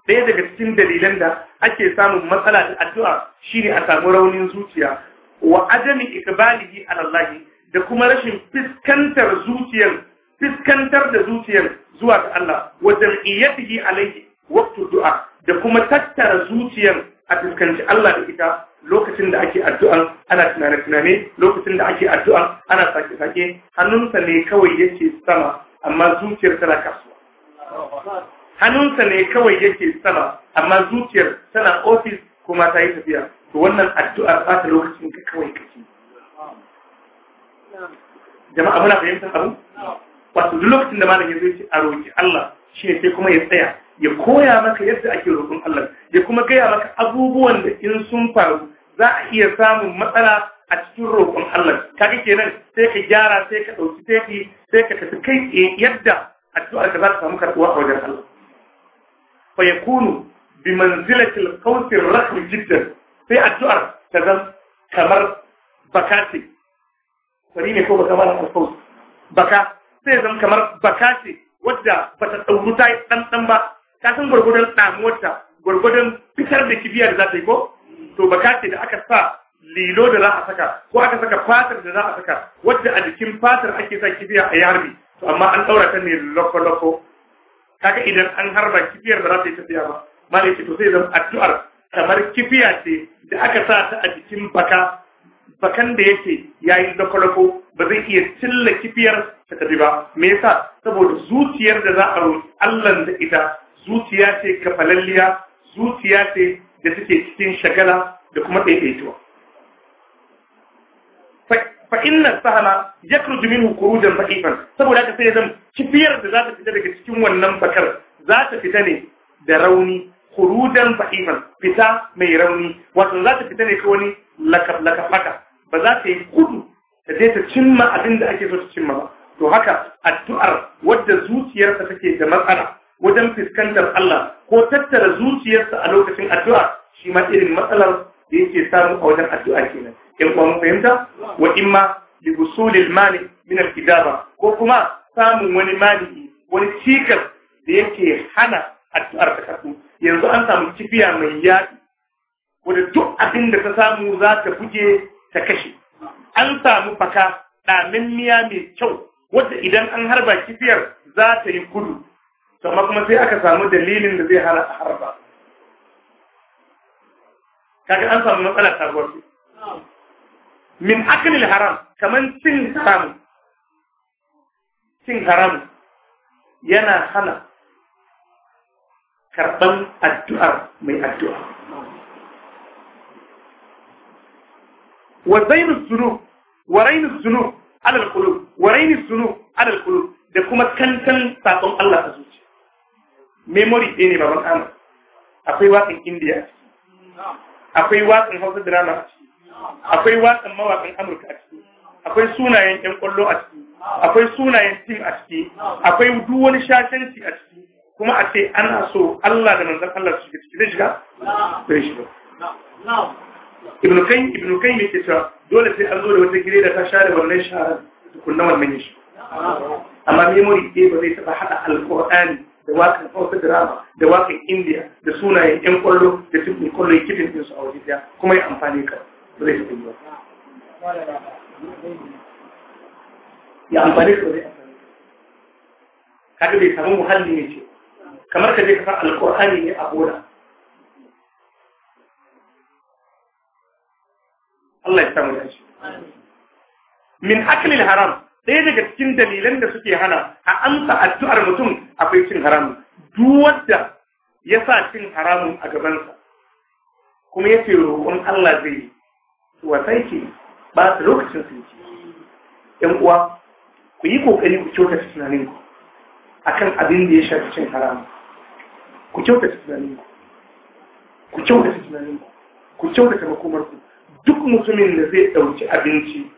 ɗaya daga cikin dalilan da ake samun matsala da addu'a shine a samu raunin zuciya wa adami ikbalihi ala Allah da kuma rashin fiskantar zuciyar fiskantar da zuciyar zuwa ga Allah wa jam'iyyatihi alayhi waqtu du'a da kuma tattara zuciyar a fuskanci Allah da ita lokacin da ake addu'a ana tunane-tunane lokacin da ake addu'a ana sake-sake hannunsa ne kawai yake sama amma zuciyar tana kasuwa hannunsa ne kawai yake sama amma zuciyar tana ofis kuma ta yi tafiya to wannan addu'ar ba ta lokacin ka kawai kake jama'a muna fahimtar abu wato duk lokacin da malamin zai ci a roƙi Allah shi ne sai kuma ya tsaya ya koya maka yadda ake roƙon Allah ya kuma gaya maka abubuwan da in sun faru za a iya samun matsala a cikin roƙon Allah kaga kenan sai ka gyara sai ka ɗauki sai sai ka tafi kai yadda addu'ar ka za ta samu karɓuwa a wajen Allah fa yakunu bi manzilatil qawsir rahm jiddan sai addu'ar ta zan kamar bakati kwari ne ko baka mara baka sai zama kamar baka ce wadda ba ta ɗauru ta yi ɗanɗan ba ta san gwargwadon ɗamuwarta gwargwadon fitar da kibiya da za ta yi ko to baka ce da aka sa lilo da za a saka ko aka saka fatar da za a saka wadda a jikin fatar ake sa kibiya a yi to amma an ɗaura ta ne loko-loko kaga idan an harba kibiyar da za ta yi tafiya ba malai ce to sai zama addu'ar kamar kibiya ce da aka sa ta a jikin baka bakan da yake yi loko-loko ba zai iya cilla kifiyar ta tafi ba me yasa saboda zuciyar da za a roƙi Allah da ita zuciya ce kafalalliya zuciya ce da take cikin shagala da kuma daidaituwa fa inna sahala yakruju minhu khurujan dha'ifan saboda ka sai zan kifiyar da za ta fita daga cikin wannan fakar za ta fita ne da rauni khurujan dha'ifan fita mai rauni wato za ta fita ne ko wani lakafaka ba za ta yi kudu ta je ta cimma abin da ake so ta cimma ba to haka addu'ar wadda zuciyarsa take da matsala wajen fuskantar Allah ko tattara zuciyarsa a lokacin addu'a shi ma irin matsalar da yake samu a wajen addu'a kenan in kuma mun fahimta wa imma li usulil mani min al ko kuma samun wani mani wani cikar da yake hana addu'ar ta karbu yanzu an samu kifiya mai yaɗi wadda duk abin da ta samu za ta buge ta kashe an samu faka miya mai kyau wadda idan an harba kifiyar za ta yi kudu, sama kuma sai aka samu dalilin da zai hana a harba kaga an samu matsala ta su min akilil haram kamar cin haram cin haram yana hana karɓan addu'ar mai addu'a wa zainu sunu wa rainu sunu alal qulub wa rainu da kuma kankan sakon Allah a zuciya memory ɗaya ne baban Ahmad akwai wakan India akwai wakan Hausa drama a ciki akwai wakan mawakan Amurka a ciki akwai sunayen ƴan ƙwallo a ciki akwai sunayen tim a ciki akwai duk wani shashanci a ciki kuma a ce ana so Allah da manzon Allah su shiga ciki zai shiga zai shiga ibn kai ibn kai dole sai an zo da wata gire da ta share wannan sharar tukunna wannan shi amma memory ɗaya ba zai taɓa haɗa alƙur'ani da wakan hausa drama da wakan india da sunayen yan kwallo da tufin kwallo ya kitin ɗinsu a waje ɗaya kuma ya amfani ka ba zai taɓa yi ba ya amfani ka ba zai amfani ka. kaga bai samu muhalli ne ce kamar ka je ka san alƙur'ani ne a bola Allah ya samu kashi. min aklil haram ɗaya daga cikin dalilan da suke hana a amsa addu'ar mutum akwai cin haram duk ya sa cin haramun a gabansa kuma ya ce roƙon Allah zai yi wasai ke ba su lokacin su ce ‘yan uwa ku yi ƙoƙari ku kyautata tunaninku a kan abin da ya shafi cin haram. ku kyautata tunaninku ku kyautata tunaninku ku kyautata makomarku duk mutumin da zai ɗauki abinci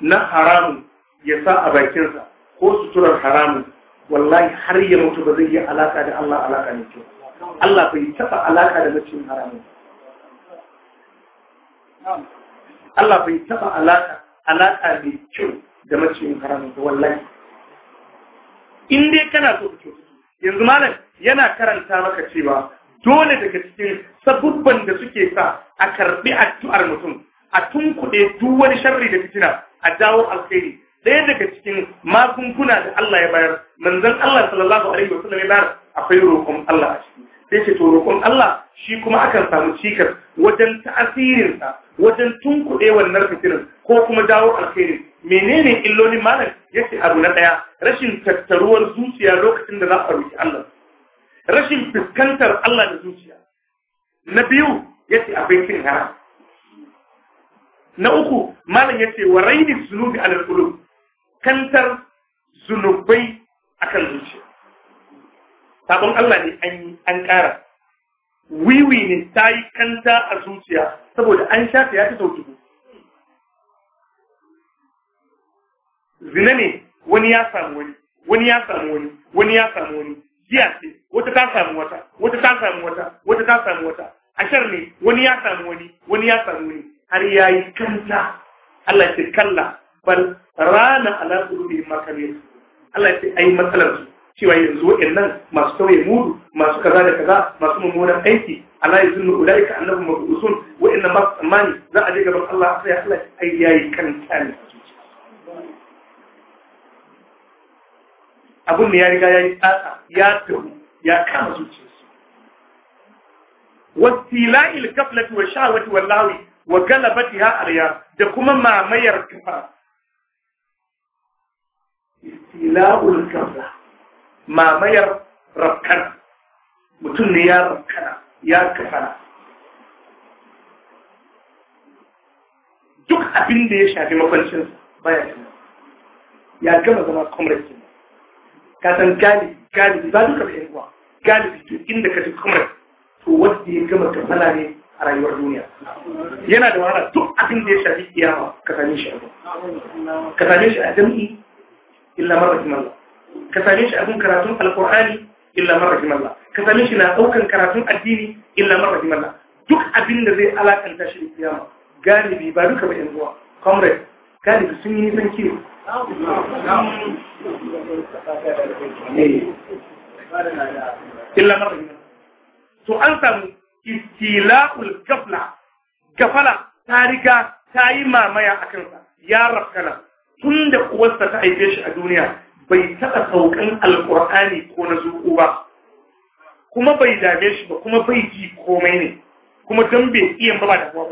na haramun ya sa a bakinsa ko suturar haramun wallahi har ya mutu ba zai yi alaka da Allah alaka ne kyau Allah bai taɓa alaka da macin haramun Allah bai taɓa alaka alaka mai kyau da macin haramun ba wallahi in dai kana so kyau yanzu malam yana karanta maka cewa dole daga cikin sabubban da suke sa a karɓi addu'ar mutum a tunkuɗe duk wani sharri da fitina a jawo alkhairi ɗaya daga cikin magunguna da Allah ya bayar manzon Allah sallallahu alaihi wasallam ya bayar akwai roƙon Allah a ciki sai ce to roƙon Allah shi kuma akan samu cikas wajen ta'asirinsa wajen tunkuɗe wannan fitinin ko kuma jawo alkhairi menene illolin malam yace abu na ɗaya rashin tattaruwar zuciya lokacin da za a roƙi Allah rashin fuskantar Allah da zuciya na biyu yace akwai kin haram na uku malam ya ce, wa raini zunubi alal qulub kantar zunubai akan zuciya sabon Allah ne an yi an ƙara wiwi ne ta yi kanta a zuciya saboda an shafe ya fi sau dubu zina ne wani ya samu wani wani ya samu wani wani ya samu wani jiya ce wata ta samu wata wata ta samu wata wata ta samu wata ashar ne wani ya samu wani wani ya samu wani har ya yi kanta Allah ce kalla bal rana ala qulubi makami Allah ce ai matsalar su cewa yanzu waɗannan masu tauye mudu masu kaza da kaza masu mummunan aiki Allah ya ala yuzunnu ulaika annahum mabusun waɗannan masu tsammani za a je gaban Allah sai Allah ai yayi kanta ne abun ne ya riga ya yi tsatsa ya tahu ya kama zuciyarsu wasila'il kaflati wa sha'awati wallahi wa ha arya da kuma mamayar kafa istila'ul kafa mamayar rafkana mutum ne ya rafkana ya kafana duk abin da ya shafi makwancinsa baya tunani ya gama zama comrade ka san galibi galibi ba duka ba yan uwa galibi duk inda ka ji comrade to wanda ya gama kafana ne a rayuwar duniya yana da wahala duk abin da ya shafi kiyama ka same shi abu ka same shi a jam'i illa mara Allah ka same shi abin karatun alkur'ani illa mara Allah ka same shi na daukan karatun addini illa mara Allah duk abin da zai alakanta shi da kiyama galibi ba duka ba yan zuwa comrade galibi sun yi nisan kiri eh. illa mara Allah to an samu istila'ul kafla gafala ta riga ta yi mamaya a kansa ya rafkana tun da uwarsa ta haife shi a duniya bai taɓa saukan alƙur'ani ko na zuƙu ba kuma bai dame shi ba kuma bai ji komai ne kuma don bai iya ba da kuma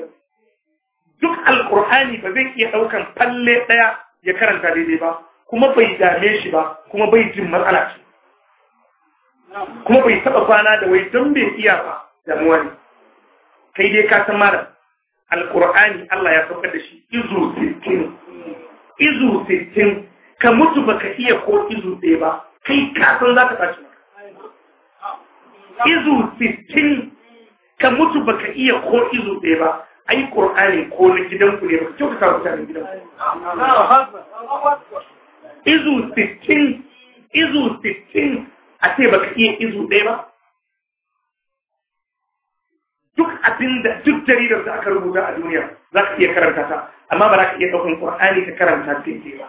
duk alƙur'ani ba zai iya ɗaukan falle ɗaya ya karanta daidai ba kuma bai dame shi ba kuma bai jin matsala ce kuma bai taɓa kwana da wai don bai iya ba damuwa ne kai dai ka san malam Allah ya saukar da shi izu sittin. izu sittin ka mutu ba ka iya ko izu ɗaya ba kai ka san za ka tashi izu sittin ka mutu ba ka iya ko izu ɗaya ba ai qur'ani ko na gidan ku ne ba kyau ka samu tare gidan ku izu sittin, izu sittin a ce ka iya izu ɗaya ba duk abin da duk jaridar da aka rubuta a duniya za ka iya karanta ta amma ba za ka iya ɗaukan ƙur'ani ka karanta daidai ba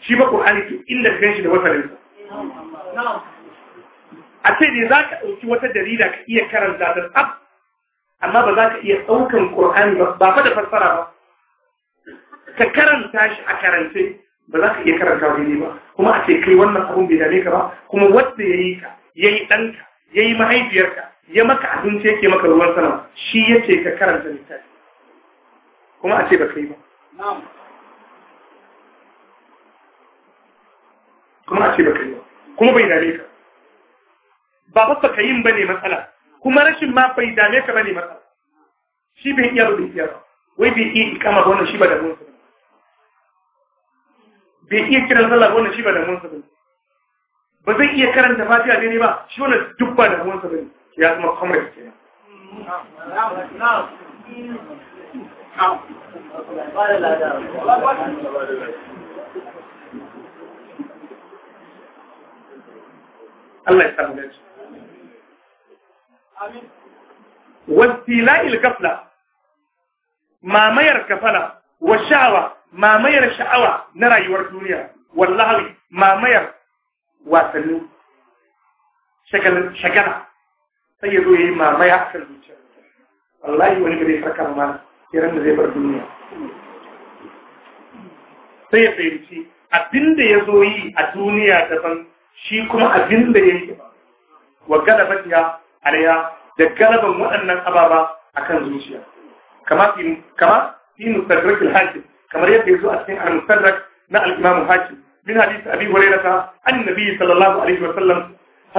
shi ba ƙur'ani to inda ka ganshi da wasalinsa a ce ne za ka ɗauki wata jarida ka iya karanta ta tsab amma ba za ka iya ɗaukan ƙur'ani ba ba fa da fassara ba ka karanta shi a karance ba za ka iya karanta daidai ba kuma a ce kai wannan abun bai dame ka ba kuma wanda ya yi ka ya yi ɗanka ya yi mahaifiyarka ya maka abinci yake maka ruwan sama shi yace ka karanta littafi kuma a ce ba kai ba kuma a ce ba kai ba kuma bai dame ka ba ba ka yin bane matsala kuma rashin ma bai dame ka bane matsala shi bai iya ba bai iya ba wai bai iya ikama ba wannan shi ba da mun ba bai iya kira sallah ba wannan shi ba da mun ba ba zai iya karanta fatiha ne ba shi wannan duk ba da mun ba ne لازم الخمر نعم نعم الله يسلمك امين واستيلاء الكفله mamayar kafala wa sha'awa mamayar sha'awa na rayuwar duniya wallahi mamayar wasanni shagala sai ya zo ya yi mamaya a kan zuciya wallahi wani ba zai farka ma kiran da zai bar duniya sai ya fahimci abin da ya zo yi a duniya daban shi kuma abin da ya yi wa galabat ya alaya da galaban waɗannan ababa akan zuciya kama fi kama fi musaddrak al-hakim kamar yadda ya zo a cikin al-musaddrak na al-imam hakim min hadith abi hurairah an nabi sallallahu alaihi wa sallam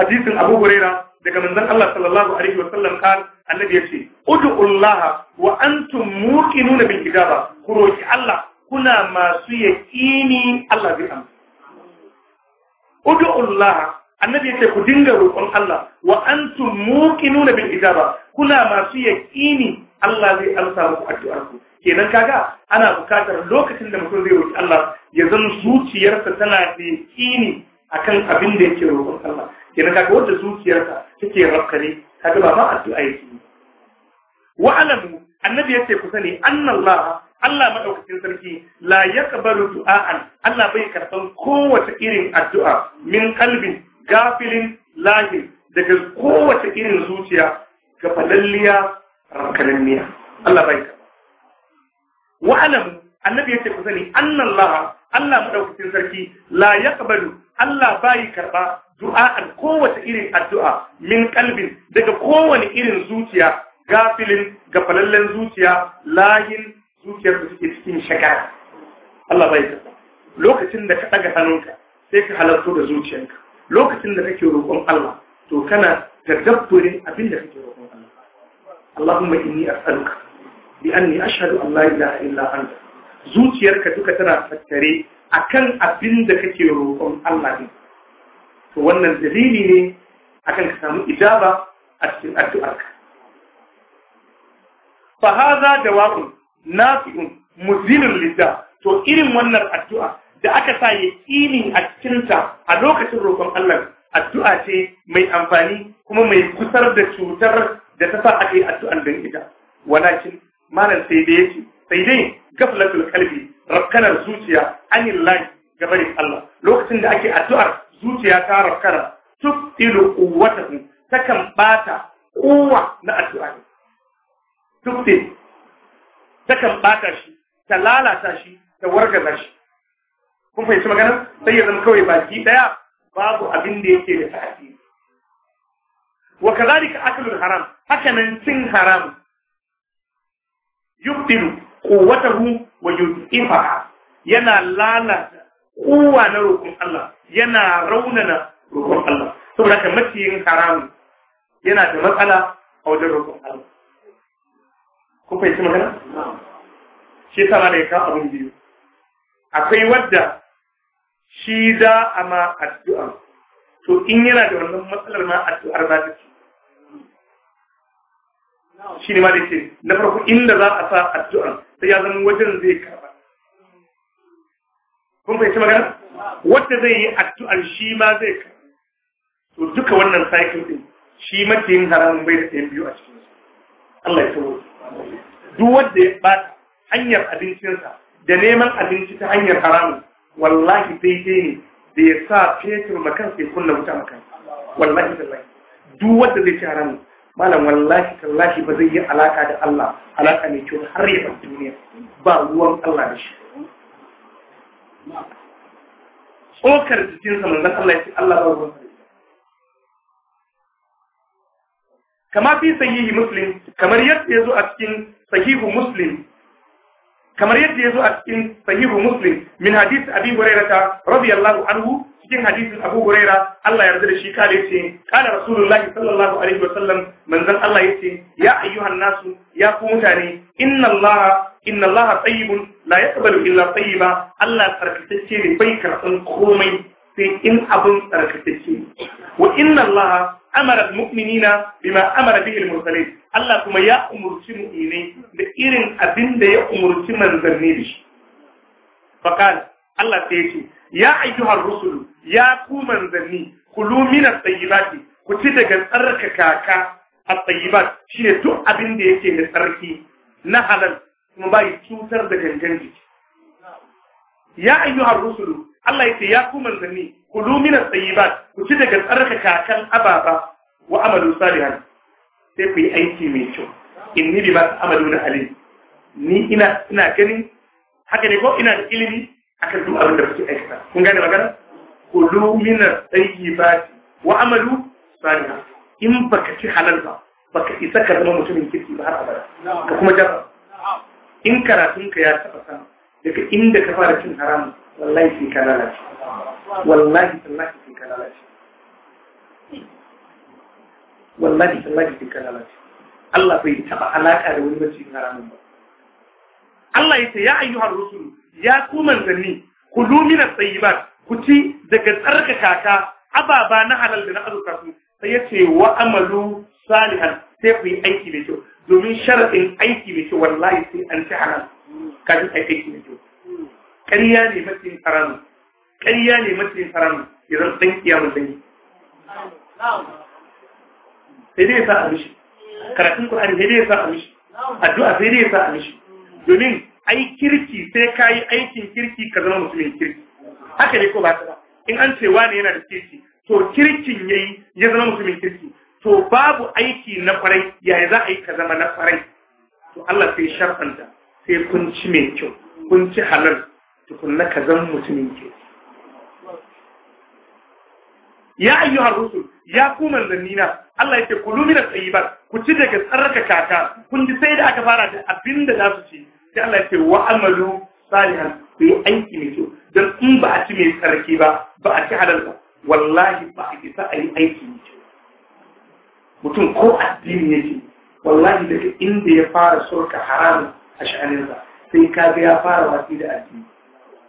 hadisin abu hurairah daga manzon Allah sallallahu alaihi sallam kan annabi ya ce ud'ullaha wa antum muqinuna bil ijaba ku roki Allah kuna masu yaqini Allah zai amsa ud'ullaha annabi ya ce ku dinga roƙon Allah wa antum muqinuna bil ijaba kuna masu yaqini Allah zai amsa muku addu'arku kenan kaga ana bukatar lokacin da mutum zai roki Allah ya zama zuciyarsa tana da yaqini akan abin da yake roƙon Allah kenan kaga wanda zuciyarsa take rakkare kaga ba ma addu'a yake wa alamu annabi yace ku sani annallaha Allah madaukakin sarki la yaqbalu du'a'an Allah bai karban kowace irin addu'a min kalbin gafilin lahi daga kowace irin zuciya ga falalliya rakalanniya Allah bai ka wa alamu annabi yace ku sani annallaha Allah madaukakin sarki la yaqbalu Allah bayi karɓa du'a'an kowace irin addu'a min kalbin daga kowane irin zuciya gafilin ga falallen zuciya layin zuciyar da suke cikin shakara Allah bai karɓa lokacin da ka ɗaga hannunka sai ka halarto da zuciyarka lokacin da kake roƙon Allah to kana tadabburin abin da kake roƙon Allah Allahumma inni as'aluka bi anni ashhadu an la ilaha illa anta zuciyarka duka tana tattare akan abin da kake roƙon Allah ne to wannan dalili ne akan ka samu ijaba a cikin addu'arka fa hadha dawa'un nafi'un muzinin lidda to irin wannan addu'a da aka sa yaqini a cikinta a lokacin roƙon Allah addu'a ce mai amfani kuma mai kusar da cutar da ta sa aka yi addu'an don ita walakin malam sai dai ce, sai dai gaflatul kalbi rafkanar zuciya anil gabar gabarin Allah lokacin da ake addu'ar zuciya ta rafkana tuftilu quwwatahu takan bata kowa na addu'a ne tufti takan bata shi ta lalata shi ta wargaza shi kun fahimci magana sai ya zama kawai baki daya babu abin da yake da tasiri wa kadhalika aklul haram haka nan cin haram yubtilu quwwatahu wa yudhifaha yana lalata kowa na roƙon Allah yana raunana roƙon Allah saboda ka maciyin haramun yana da matsala a wajen roƙon Allah kun fahimci magana shi yasa ma da ya kawo abin biyu akwai wadda shi za a ma addu'a to in yana da wannan matsalar ma addu'ar ba ta ci shi ne ma da ke na farko inda za a sa addu'a sai ya zama wajen zai karba kun fahimci magana wanda zai yi addu'an shi ma zai karba to duka wannan cycle din shi yin haramun bai da ɗayan biyu a cikin Allah ya tabo duk wanda ya ba hanyar abincinsa da neman abinci ta hanyar haramun wallahi daidai ne da ya sa fetur makan sai kunna wuta makan wallahi lai duk wanda zai ci haramun malam wallahi tallahi ba zai yi alaka da Allah alaka mai kyau har ya bar duniya ba ruwan Allah da shi tsokar jikinsa na Allah ya ce Allah ba ruwan kama fi sahihi muslim kamar yadda ya zo a cikin sahihu muslim kamar yadda ya zo a cikin sahihu muslim min hadith abi hurairah radiyallahu anhu cikin hadisin Abu Huraira Allah ya yarda da shi kale yace kana Rasulullahi sallallahu alaihi wa sallam manzon Allah yace ya ayyuhan nasu ya ku mutane inna Allah inna Allah tayyibun la yaqbalu illa tayyiba Allah tsarkakecce ne bai karɓan komai sai in abin tsarkakecce wa inna Allah amara mu'minina bima amara bihi al Allah kuma ya umurci mu'minai da irin abin da ya umurci manzanni da shi faqala Allah sai yace ya ayyuhar rusul ya ku manzanni ku lumina tsayibati ku ci daga kaka a at shi ne duk abin da yake da tsarki na halal kuma bai cutar da gangan jiki ya har rusulu Allah yake ya ku manzanni ku lumina at ku ci daga kakan ababa wa amalu salihan sai ku yi aiki mai kyau inni bi ma na alim ni ina ina ganin haka ne ko ina da ilimi akan duk abin da kuke aikata kun gane magana kulu min at-tayyibati wa amalu salih in baka ci halal ba baka isa ka zama mutumin kirki ba har abada ka kuma jarra in karatun ka ya taba sama daga inda ka fara cin haramun wallahi sai ka lalace wallahi tallahi sai ka lalace wallahi tallahi sai ka lalace Allah bai taba alaka da wani mace haramun ba Allah ya ce ya ayyuhar rusul ya ku manzanni ku lumina tsayibat ku ci daga tsarkaka ka ababa na halal da na azurka su sai ya ce wa amalu salihan sai ku yi aiki mai kyau domin sharaɗin aiki mai kyau wallahi sai an ci halal kafin a aiki mai kyau ƙarya ne mafi faranu ƙarya ne mafi Idan ya zama ɗan kiyamun yi sai dai ya sa a mishi karatun Qur'ani sai dai ya sa a mishi addu'a sai dai ya sa a mishi domin ai kirki sai ka yi aikin kirki ka zama musulmin kirki haka ne ko ba ta ba in an ce wani yana da kirki to kirkin yayi ya zama mutumin kirki to babu aiki na kwarai yaya za a yi ka zama na kwarai to Allah sai sharfanta sai kun ci mai kyau kun ci halal tukunna ka zama mutumin kirki ya ayyuhar rusul ya ku manzannina Allah yake ku lumina tsayibar ku ci daga tsarka kaka kun ji sai da aka fara da abinda za su ci sai Allah yake wa amalu salihan ku yi aiki mai kyau don in ba a ci mai tsarki ba ba a ci halal ba wallahi ba a isa a yi aiki mai kyau mutum ko addini ne yake wallahi daga inda ya fara sorka haramun a sha'aninsa sai ka ga ya fara watsi da addini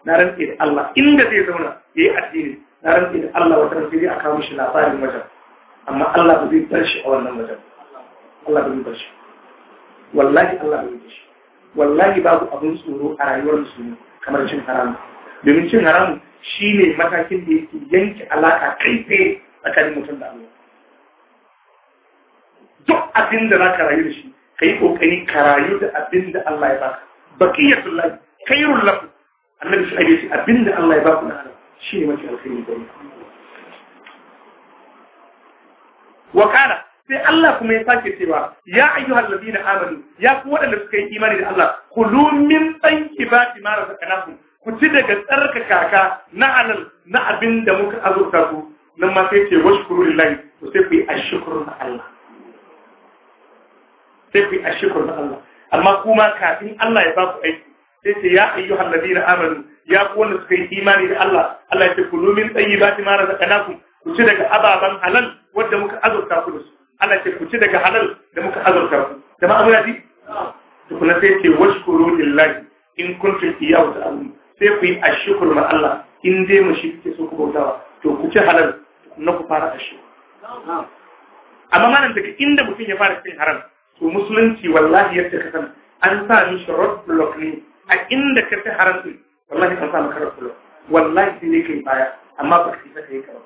na rantse da Allah inda zai zauna ya yi addini na rantse da Allah wata rantse zai a kawo shi labarin wajen amma Allah ba zai bar shi a wannan wajen Allah ba zai bar shi wallahi Allah ba zai bar shi wallahi babu abin tsoro a rayuwar musulmi kamar cin haramu domin cin haram shi ne matakin da yake yanke alaƙa kai tsaye tsakanin mutum da Allah duk abin da za ka rayu da shi ka yi ƙoƙari ka rayu da abin da Allah ya ba ka bakiyatul lahi khairul lakum annabi shi aje shi abin da Allah ya ku na haram shi ne mafi alkhairi gare ku wa kana sai Allah kuma ya sake cewa ya ayyuhal ladina amanu ya ku waɗanda suka yi imani da Allah kulu min tayyibati ma razaqnakum ku ci daga tsarka kaka na halal na abin da muka azurta ku nan ma sai ce wasu washkuru lillahi to sai ku yi ashkuru na Allah sai ku yi ashkuru na Allah amma kuma kafin Allah ya ba ku aiki sai ce ya ayyuhal ladina amanu ya ku wanda suka yi imani da Allah Allah ya ce kulu min tayyibati ma razaqnakum ku ci daga ababan halal wadda muka azurta ku da su Allah ce ku ci daga halal da muka azurta ku da ma'a muna ji tukuna sai ce washkuru lillahi in kuntum iyyahu ta'budun sai ku yi ashkuru ma Allah in dai mu shi kike so ku bautawa to ku ci halal na ku fara ashkuru amma malam daga inda mutum ya fara cin haram to musulunci wallahi yadda ka san an sa ni road block ne a inda ka fi haram din wallahi an sa maka road block wallahi sai ne kai baya amma ba ka yi kai ka ba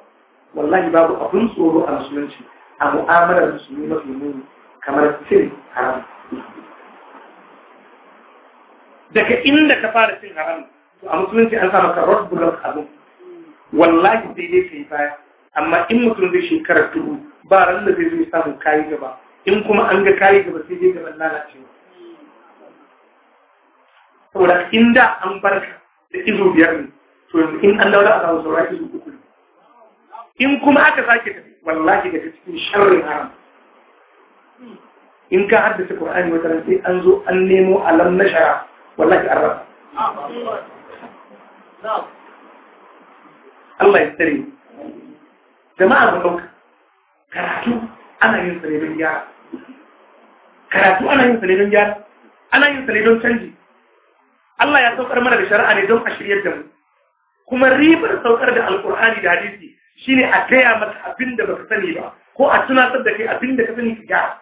wallahi babu abun tsoro a musulunci a mu'amalar musulmi mafi muni kamar cin haram daga inda ka fara cin haram to a musulunci an sa maka rabbul haram wallahi sai dai kai baya amma in mutum zai shekarar dubu ba ran da zai zai samu kayi gaba in kuma an ga kayi gaba sai dai gaban lalacewa saboda inda an barka da izo biyar ne to in an daura a samu saura izo uku in kuma aka sake tafi wallahi daga cikin sharrin haram in ka haddasa Qur'ani wata ran sai an zo an nemo alam na shara wallahi an rasa Allah ya tsare jama'a ba ɗauka. karatu ana yin sa ne don gyara karatu ana yin sa ne don gyara ana yin sa ne don canji Allah ya saukar mana da shari'a ne don a shiryar da mu kuma ribar saukar da alkur'ani da hadisi ne a gaya maka abin da baka sani ba ko a tunatar da kai abin da ka sani ka gyara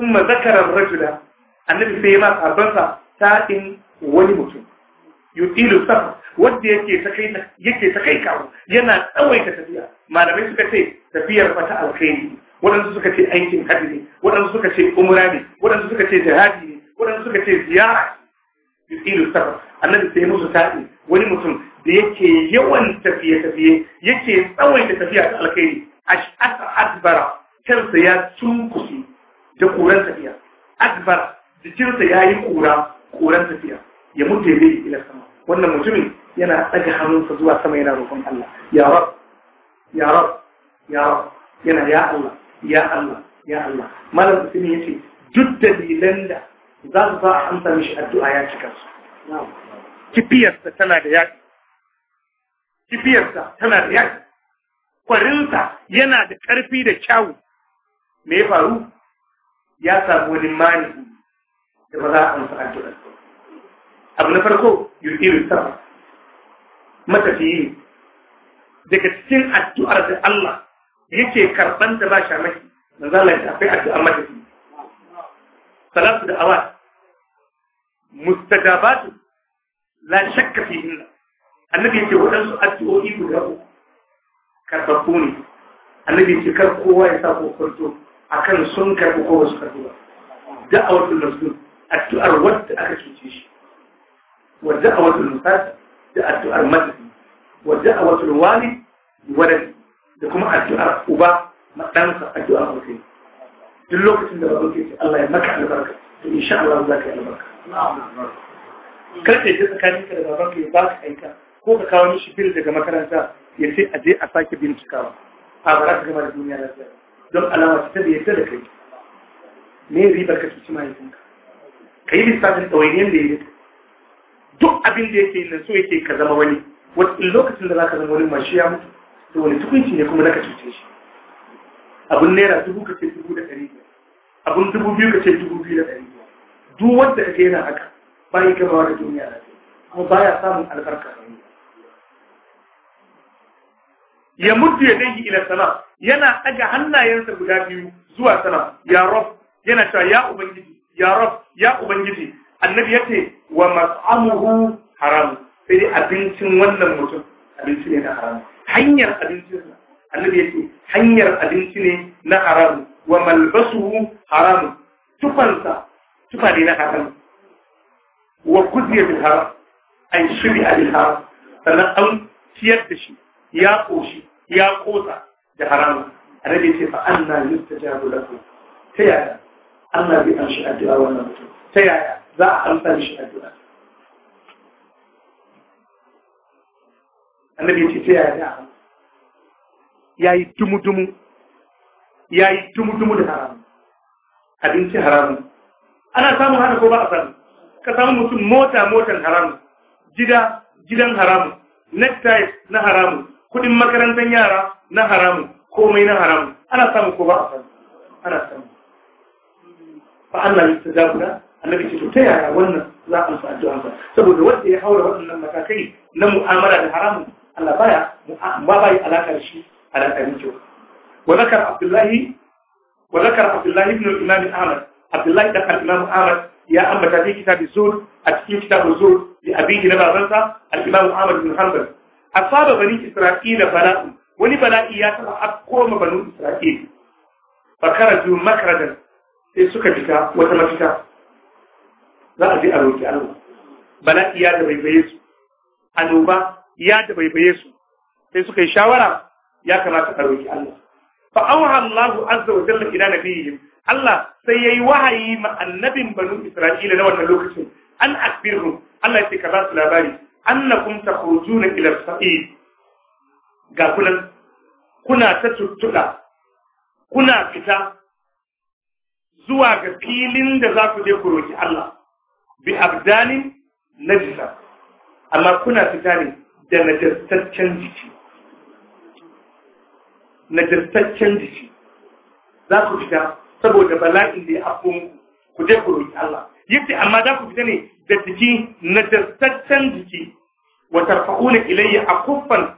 ma zakarar rajula, annabi sai ma sabansa in wani mutum yutilu safar wanda yake ta kai kawo yana tsawaita tafiya malamai suka ce tafiyar fata alkhairi waɗansu suka ce aikin hajji ne waɗansu suka ce umra ne waɗansu suka ce jihadi ne waɗansu suka ce ziyara yusiru safar annabi sai musu tafi wani mutum da yake yawan tafiye tafiye yake da tafiya ta alkhairi ash'asa adbara kansa ya cunkusu da koran tafiya adbara jikinsa ya yi kura koran tafiya ya mutu ya bai ila sama wannan mutumin yana daga hannunsa zuwa sama yana roƙon Allah ya rab ya rab ya rab yana ya Allah ya Allah ya Allah malam Usman yace duk dalilan da za su sa a amsa mishi addu'a ya cika su kifiyarsa tana da yaƙi kifiyarsa tana da yaƙi kwarinsa yana da ƙarfi da kyawu me ya faru ya samu wani mani da ba za a amsa addu'a abu na farko yuri sama matafiyi ne daga cikin addu'ar da Allah yake karɓar da ba a manzo Allah ya tafi addu'ar matafiyi salatu da awat mustajabatu la shakka fi hinna annabi yake waɗansu addu'o'i guda uku karɓaɓɓu ne annabi yake kar kowa ya sa kokonto akan sun karɓi ko wasu karɓi ba da'awatul mazlum addu'ar wadda aka cuce shi wa da'awatul musafir da addu'ar madadi wa da'awatul walid walad da kuma addu'ar uba ma ɗansa addu'ar mutum duk lokacin da babu ke Allah ya maka albarka to insha Allah za ka yi albarka kar ka yi tsakanin ka da baban ka ya ba ka aika ko ka kawo mishi bil daga makaranta ya sai a je a sake bincikawa a ba za ka gama da duniya lafiya don alama ta da yadda da kai me ribar ka cuci mahaifinka ka yi lissafin ɗawainiyar da ya yi duk abin da yake nan so yake ka zama wani wani lokacin da za ka zama wani mashi ya mutu to wani tukunci ne kuma na ka cuce shi abin naira dubu ka ce dubu da ɗari abin dubu biyu ka ce dubu biyu da ɗari duk wanda ka yana haka bayan gamawa da duniya na kuma baya samun albarka ya mutu ya dangi ila sana yana ɗaga hannayensa guda biyu zuwa sana ya rob yana cewa ya ubangiji ya rob ya ubangiji annabi ya ce wa mas'amuhu haram sai dai abincin wannan mutum abinci ne na haram hanyar abincinsa annabi ce hanyar abinci ne na haram wa malbasuhu haram tufansa tufa ne na haram wa kuziya bil haram an shirya bil haram sannan an ciyar da shi ya koshi ya kosa da haram annabi ce fa anna yustajabu lahu ta yaya Allah shi a jira wannan mutum ta yaya za a amsa A addu'a annabi ce ta yaya ya yi dumu-dumu ya yi tumutumu da haramu, abinci haramu. ana samun hana ko ba a samu ka samu mutum mota motan haramu. gida gidan haramu, necktie na haramu, kudin makarantar yara na haramu, komai na haramu. ana samu ko ba a samu ana samu fa Allah ya tsada guda annabi ce ta yaya wannan za a amsa addu'a ba saboda wanda ya haura waɗannan matakai na mu'amala da haramun Allah baya ba bai alaka da shi alaka da kyau وذكر عبد الله وذكر عبد الله بن الإمام أحمد عبد الله ذكر الإمام أحمد يا أما في كتاب الزهد أتكي كتاب الزهد لأبيه نبع بنسى الإمام أحمد بن حنبل أصاب بني إسرائيل بلاء ولي بلاء ياتنا أقوم بنو إسرائيل فكرجوا مكردا sai suka fita wata mafita za a je a roƙi Allah bala'i ya da baibaye su annoba ya da baibaye su sai suka yi shawara ya kamata a roƙi Allah fa awha Allah azza wa jalla ila nabiyihim Allah sai yayi wahayi ma annabin banu Isra'ila na wannan lokacin an akbiru Allah yake ce su labari annakum takhrujuna ila sa'id ga kunan kuna ta tuttuka kuna fita zuwa ga filin da za ku je ku roki Allah bi abdanin najisa amma kuna fita ne da najastaccen jiki nagartaccen jiki za ku fita saboda bala'in da ya afko muku ku je ku roƙi Allah yace amma za ku fita ne da jiki nagartaccen jiki wa tarfa'una ilayya akuffan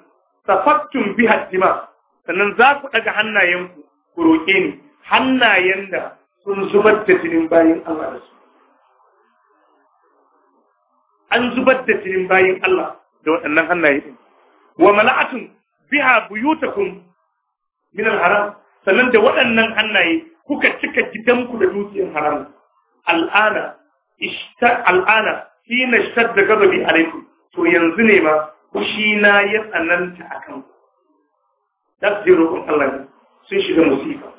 tafattum biha dima sannan za ku daga hannayenku ku roƙe ni hannayen da sun zubar da jinin bayan Allah da su an zubar da jinin bayan Allah da waɗannan hannaye din wa mala'atun biha buyutakum min haram sannan da waɗannan hannaye kuka cika gidanku da dukiyar haram al'ana ishtar al'ana hina ishtar da gababi alaikum to yanzu ne ma kushi na ya tsananta a kan da su roƙon Allah sun shiga musifa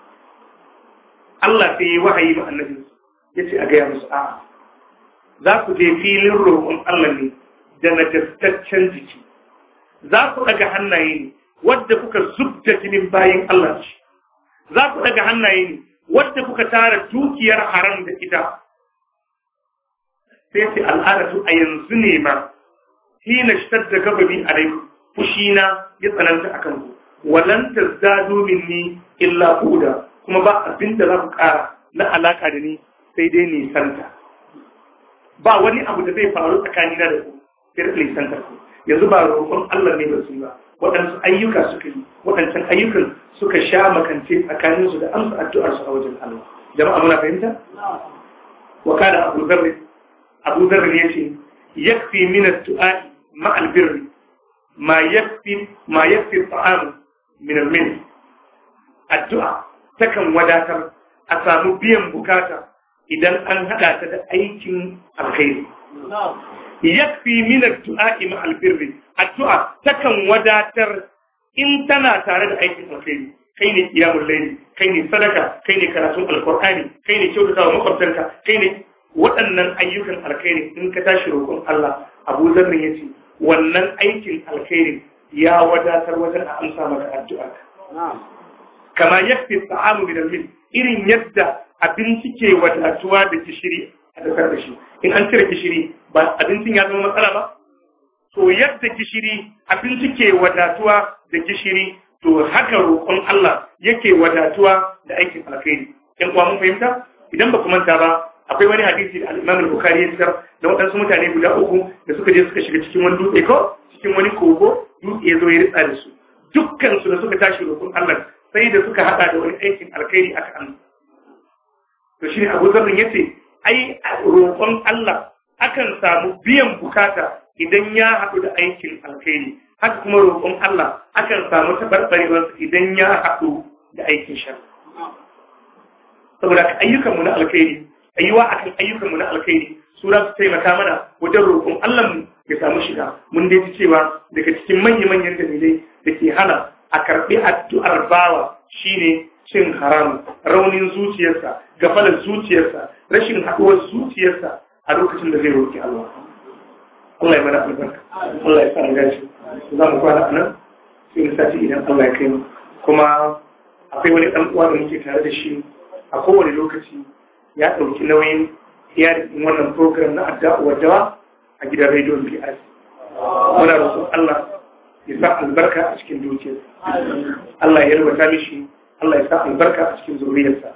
Allah sai ya wahayi ma annabi ya ce a gaya musu a'a za ku je filin roƙon Allah ne da nagartaccen jiki za ku ɗaga hannaye ne wadda kuka zubta jinin bayan Allah ce za ku daga hannaye ne wadda kuka tara dukiyar haram da ita sai ce al'adatu a yanzu ne ma hina shitar da gababi a rai fushina ya tsananta a kanku za domin ni illa kuda kuma ba abin da za ku ƙara na alaka da ni sai dai nisanta ba wani abu da zai faru tsakanina da ku sai nisanta ku yanzu ba roƙon Allah ne ba su ba waɗansu ayyuka suka yi waɗancan ayyukan suka sha makance tsakaninsu da amsa addu'arsu a wajen Allah jama'a muna fahimta wa kana Abu Dharr Abu Dharr yace yakfi min ad-du'a ma al-birr ma yakfi ma yakfi ta'am min al-min addu'a takan wadatar a samu biyan bukata idan an hada ta da aikin alkhairi yakfi min addu'a ma albirri addu'a takan wadatar in tana tare da aikin alkhairi kai ne qiyamul layli kai ne sadaka kai ne karatun alqur'ani kai ne kyautatawa wa kai ne waɗannan ayyukan alkhairi in ka tashi roƙon Allah Abu Zarrin yace wannan aikin alkhairi ya wadatar wajen a amsa maka addu'a kama yakfi ta'amu min irin yadda abinci ke wadatuwa da shirya. a da shi in an cire gishiri ba abincin ya zama matsala ba to yadda gishiri abinci ke wadatuwa da gishiri to haka roƙon Allah yake wadatuwa da aikin alkhairi in kuwa mun fahimta idan ba ku manta ba akwai wani hadisi da al-Imam al-Bukhari ya tsar da waɗansu mutane guda uku da suka je suka shiga cikin wani dutse ko cikin wani kogo dutse ya zo ya ritsa da su dukkan su da suka tashi roƙon Allah sai da suka hada da wani aikin alkhairi aka amsa to shine Abu Dharr yace ai roƙon Allah akan samu biyan bukata idan ya haɗu da aikin alkhairi haka kuma roƙon Allah akan samu tabarbarewar idan ya haɗu da aikin shan. Saboda ayyukanmu na alkhairi, ayyuwa akan ayyukanmu na alkhairi, su za su taimaka mana wajen roƙon Allah mu ya samu shiga. Mun dai cewa daga cikin manya-manyan dalilai da ke hana a karɓi addu'ar bawa shine cin haram raunin zuciyarsa gafalar zuciyarsa rashin haɗuwar zuciyarsa a lokacin da zai roƙi Allah Allah ya mana albarka Allah ya sa gashi za mu kwana nan sai mu sati idan Allah ya kai mu kuma akwai wani ɗan uwa da muke tare da shi a kowane lokaci ya ɗauki nauyin yarin wannan program na addu'a dawa a gidan rediyon BS muna roƙon Allah ya sa albarka a cikin dukiyar Allah ya rubuta mishi Allah ya sa albarka a cikin zuriyarsa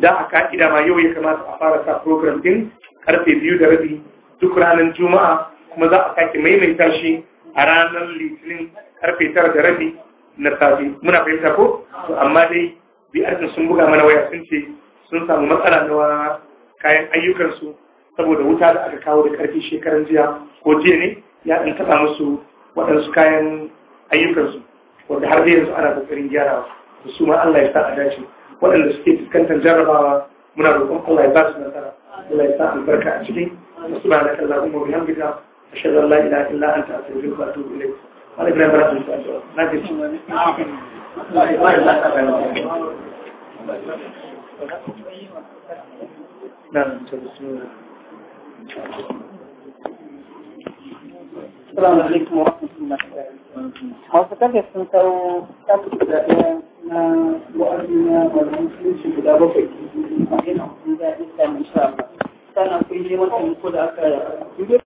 da a ka'ida ma yau ya kamata a fara sa program din karfe biyu da rabi duk ranar juma'a kuma za a sake maimaita shi a ranar litinin karfe tara da rabi na safe muna fahimta ko To amma dai biyar sun buga mana waya sun ce sun samu matsala na kayan ayyukansu saboda wuta da aka kawo da karfi shekaran jiya ko jiya ne ya ɗan taɓa musu waɗansu kayan ayyukansu wanda har da yanzu ana kokarin gyarawa da su ma Allah ya sa a dace waɗanda suke fuskantar jarrabawa muna roƙon Allah ya ba su nasara Allah ya sa albarka a ciki subhanaka allahumma wa bihamdika ashhadu an la ilaha illa anta astaghfiruka wa atubu ilayk wala ibrahim bara sun tsaya na ji shi نعم بسم الله السلام عليكم ورحمة الله وبركاته Wasu kafe sun kawo kafin da ɗaya na wa'azi na guda bakwai a yana kun sha sannan kun je mata da aka yaba.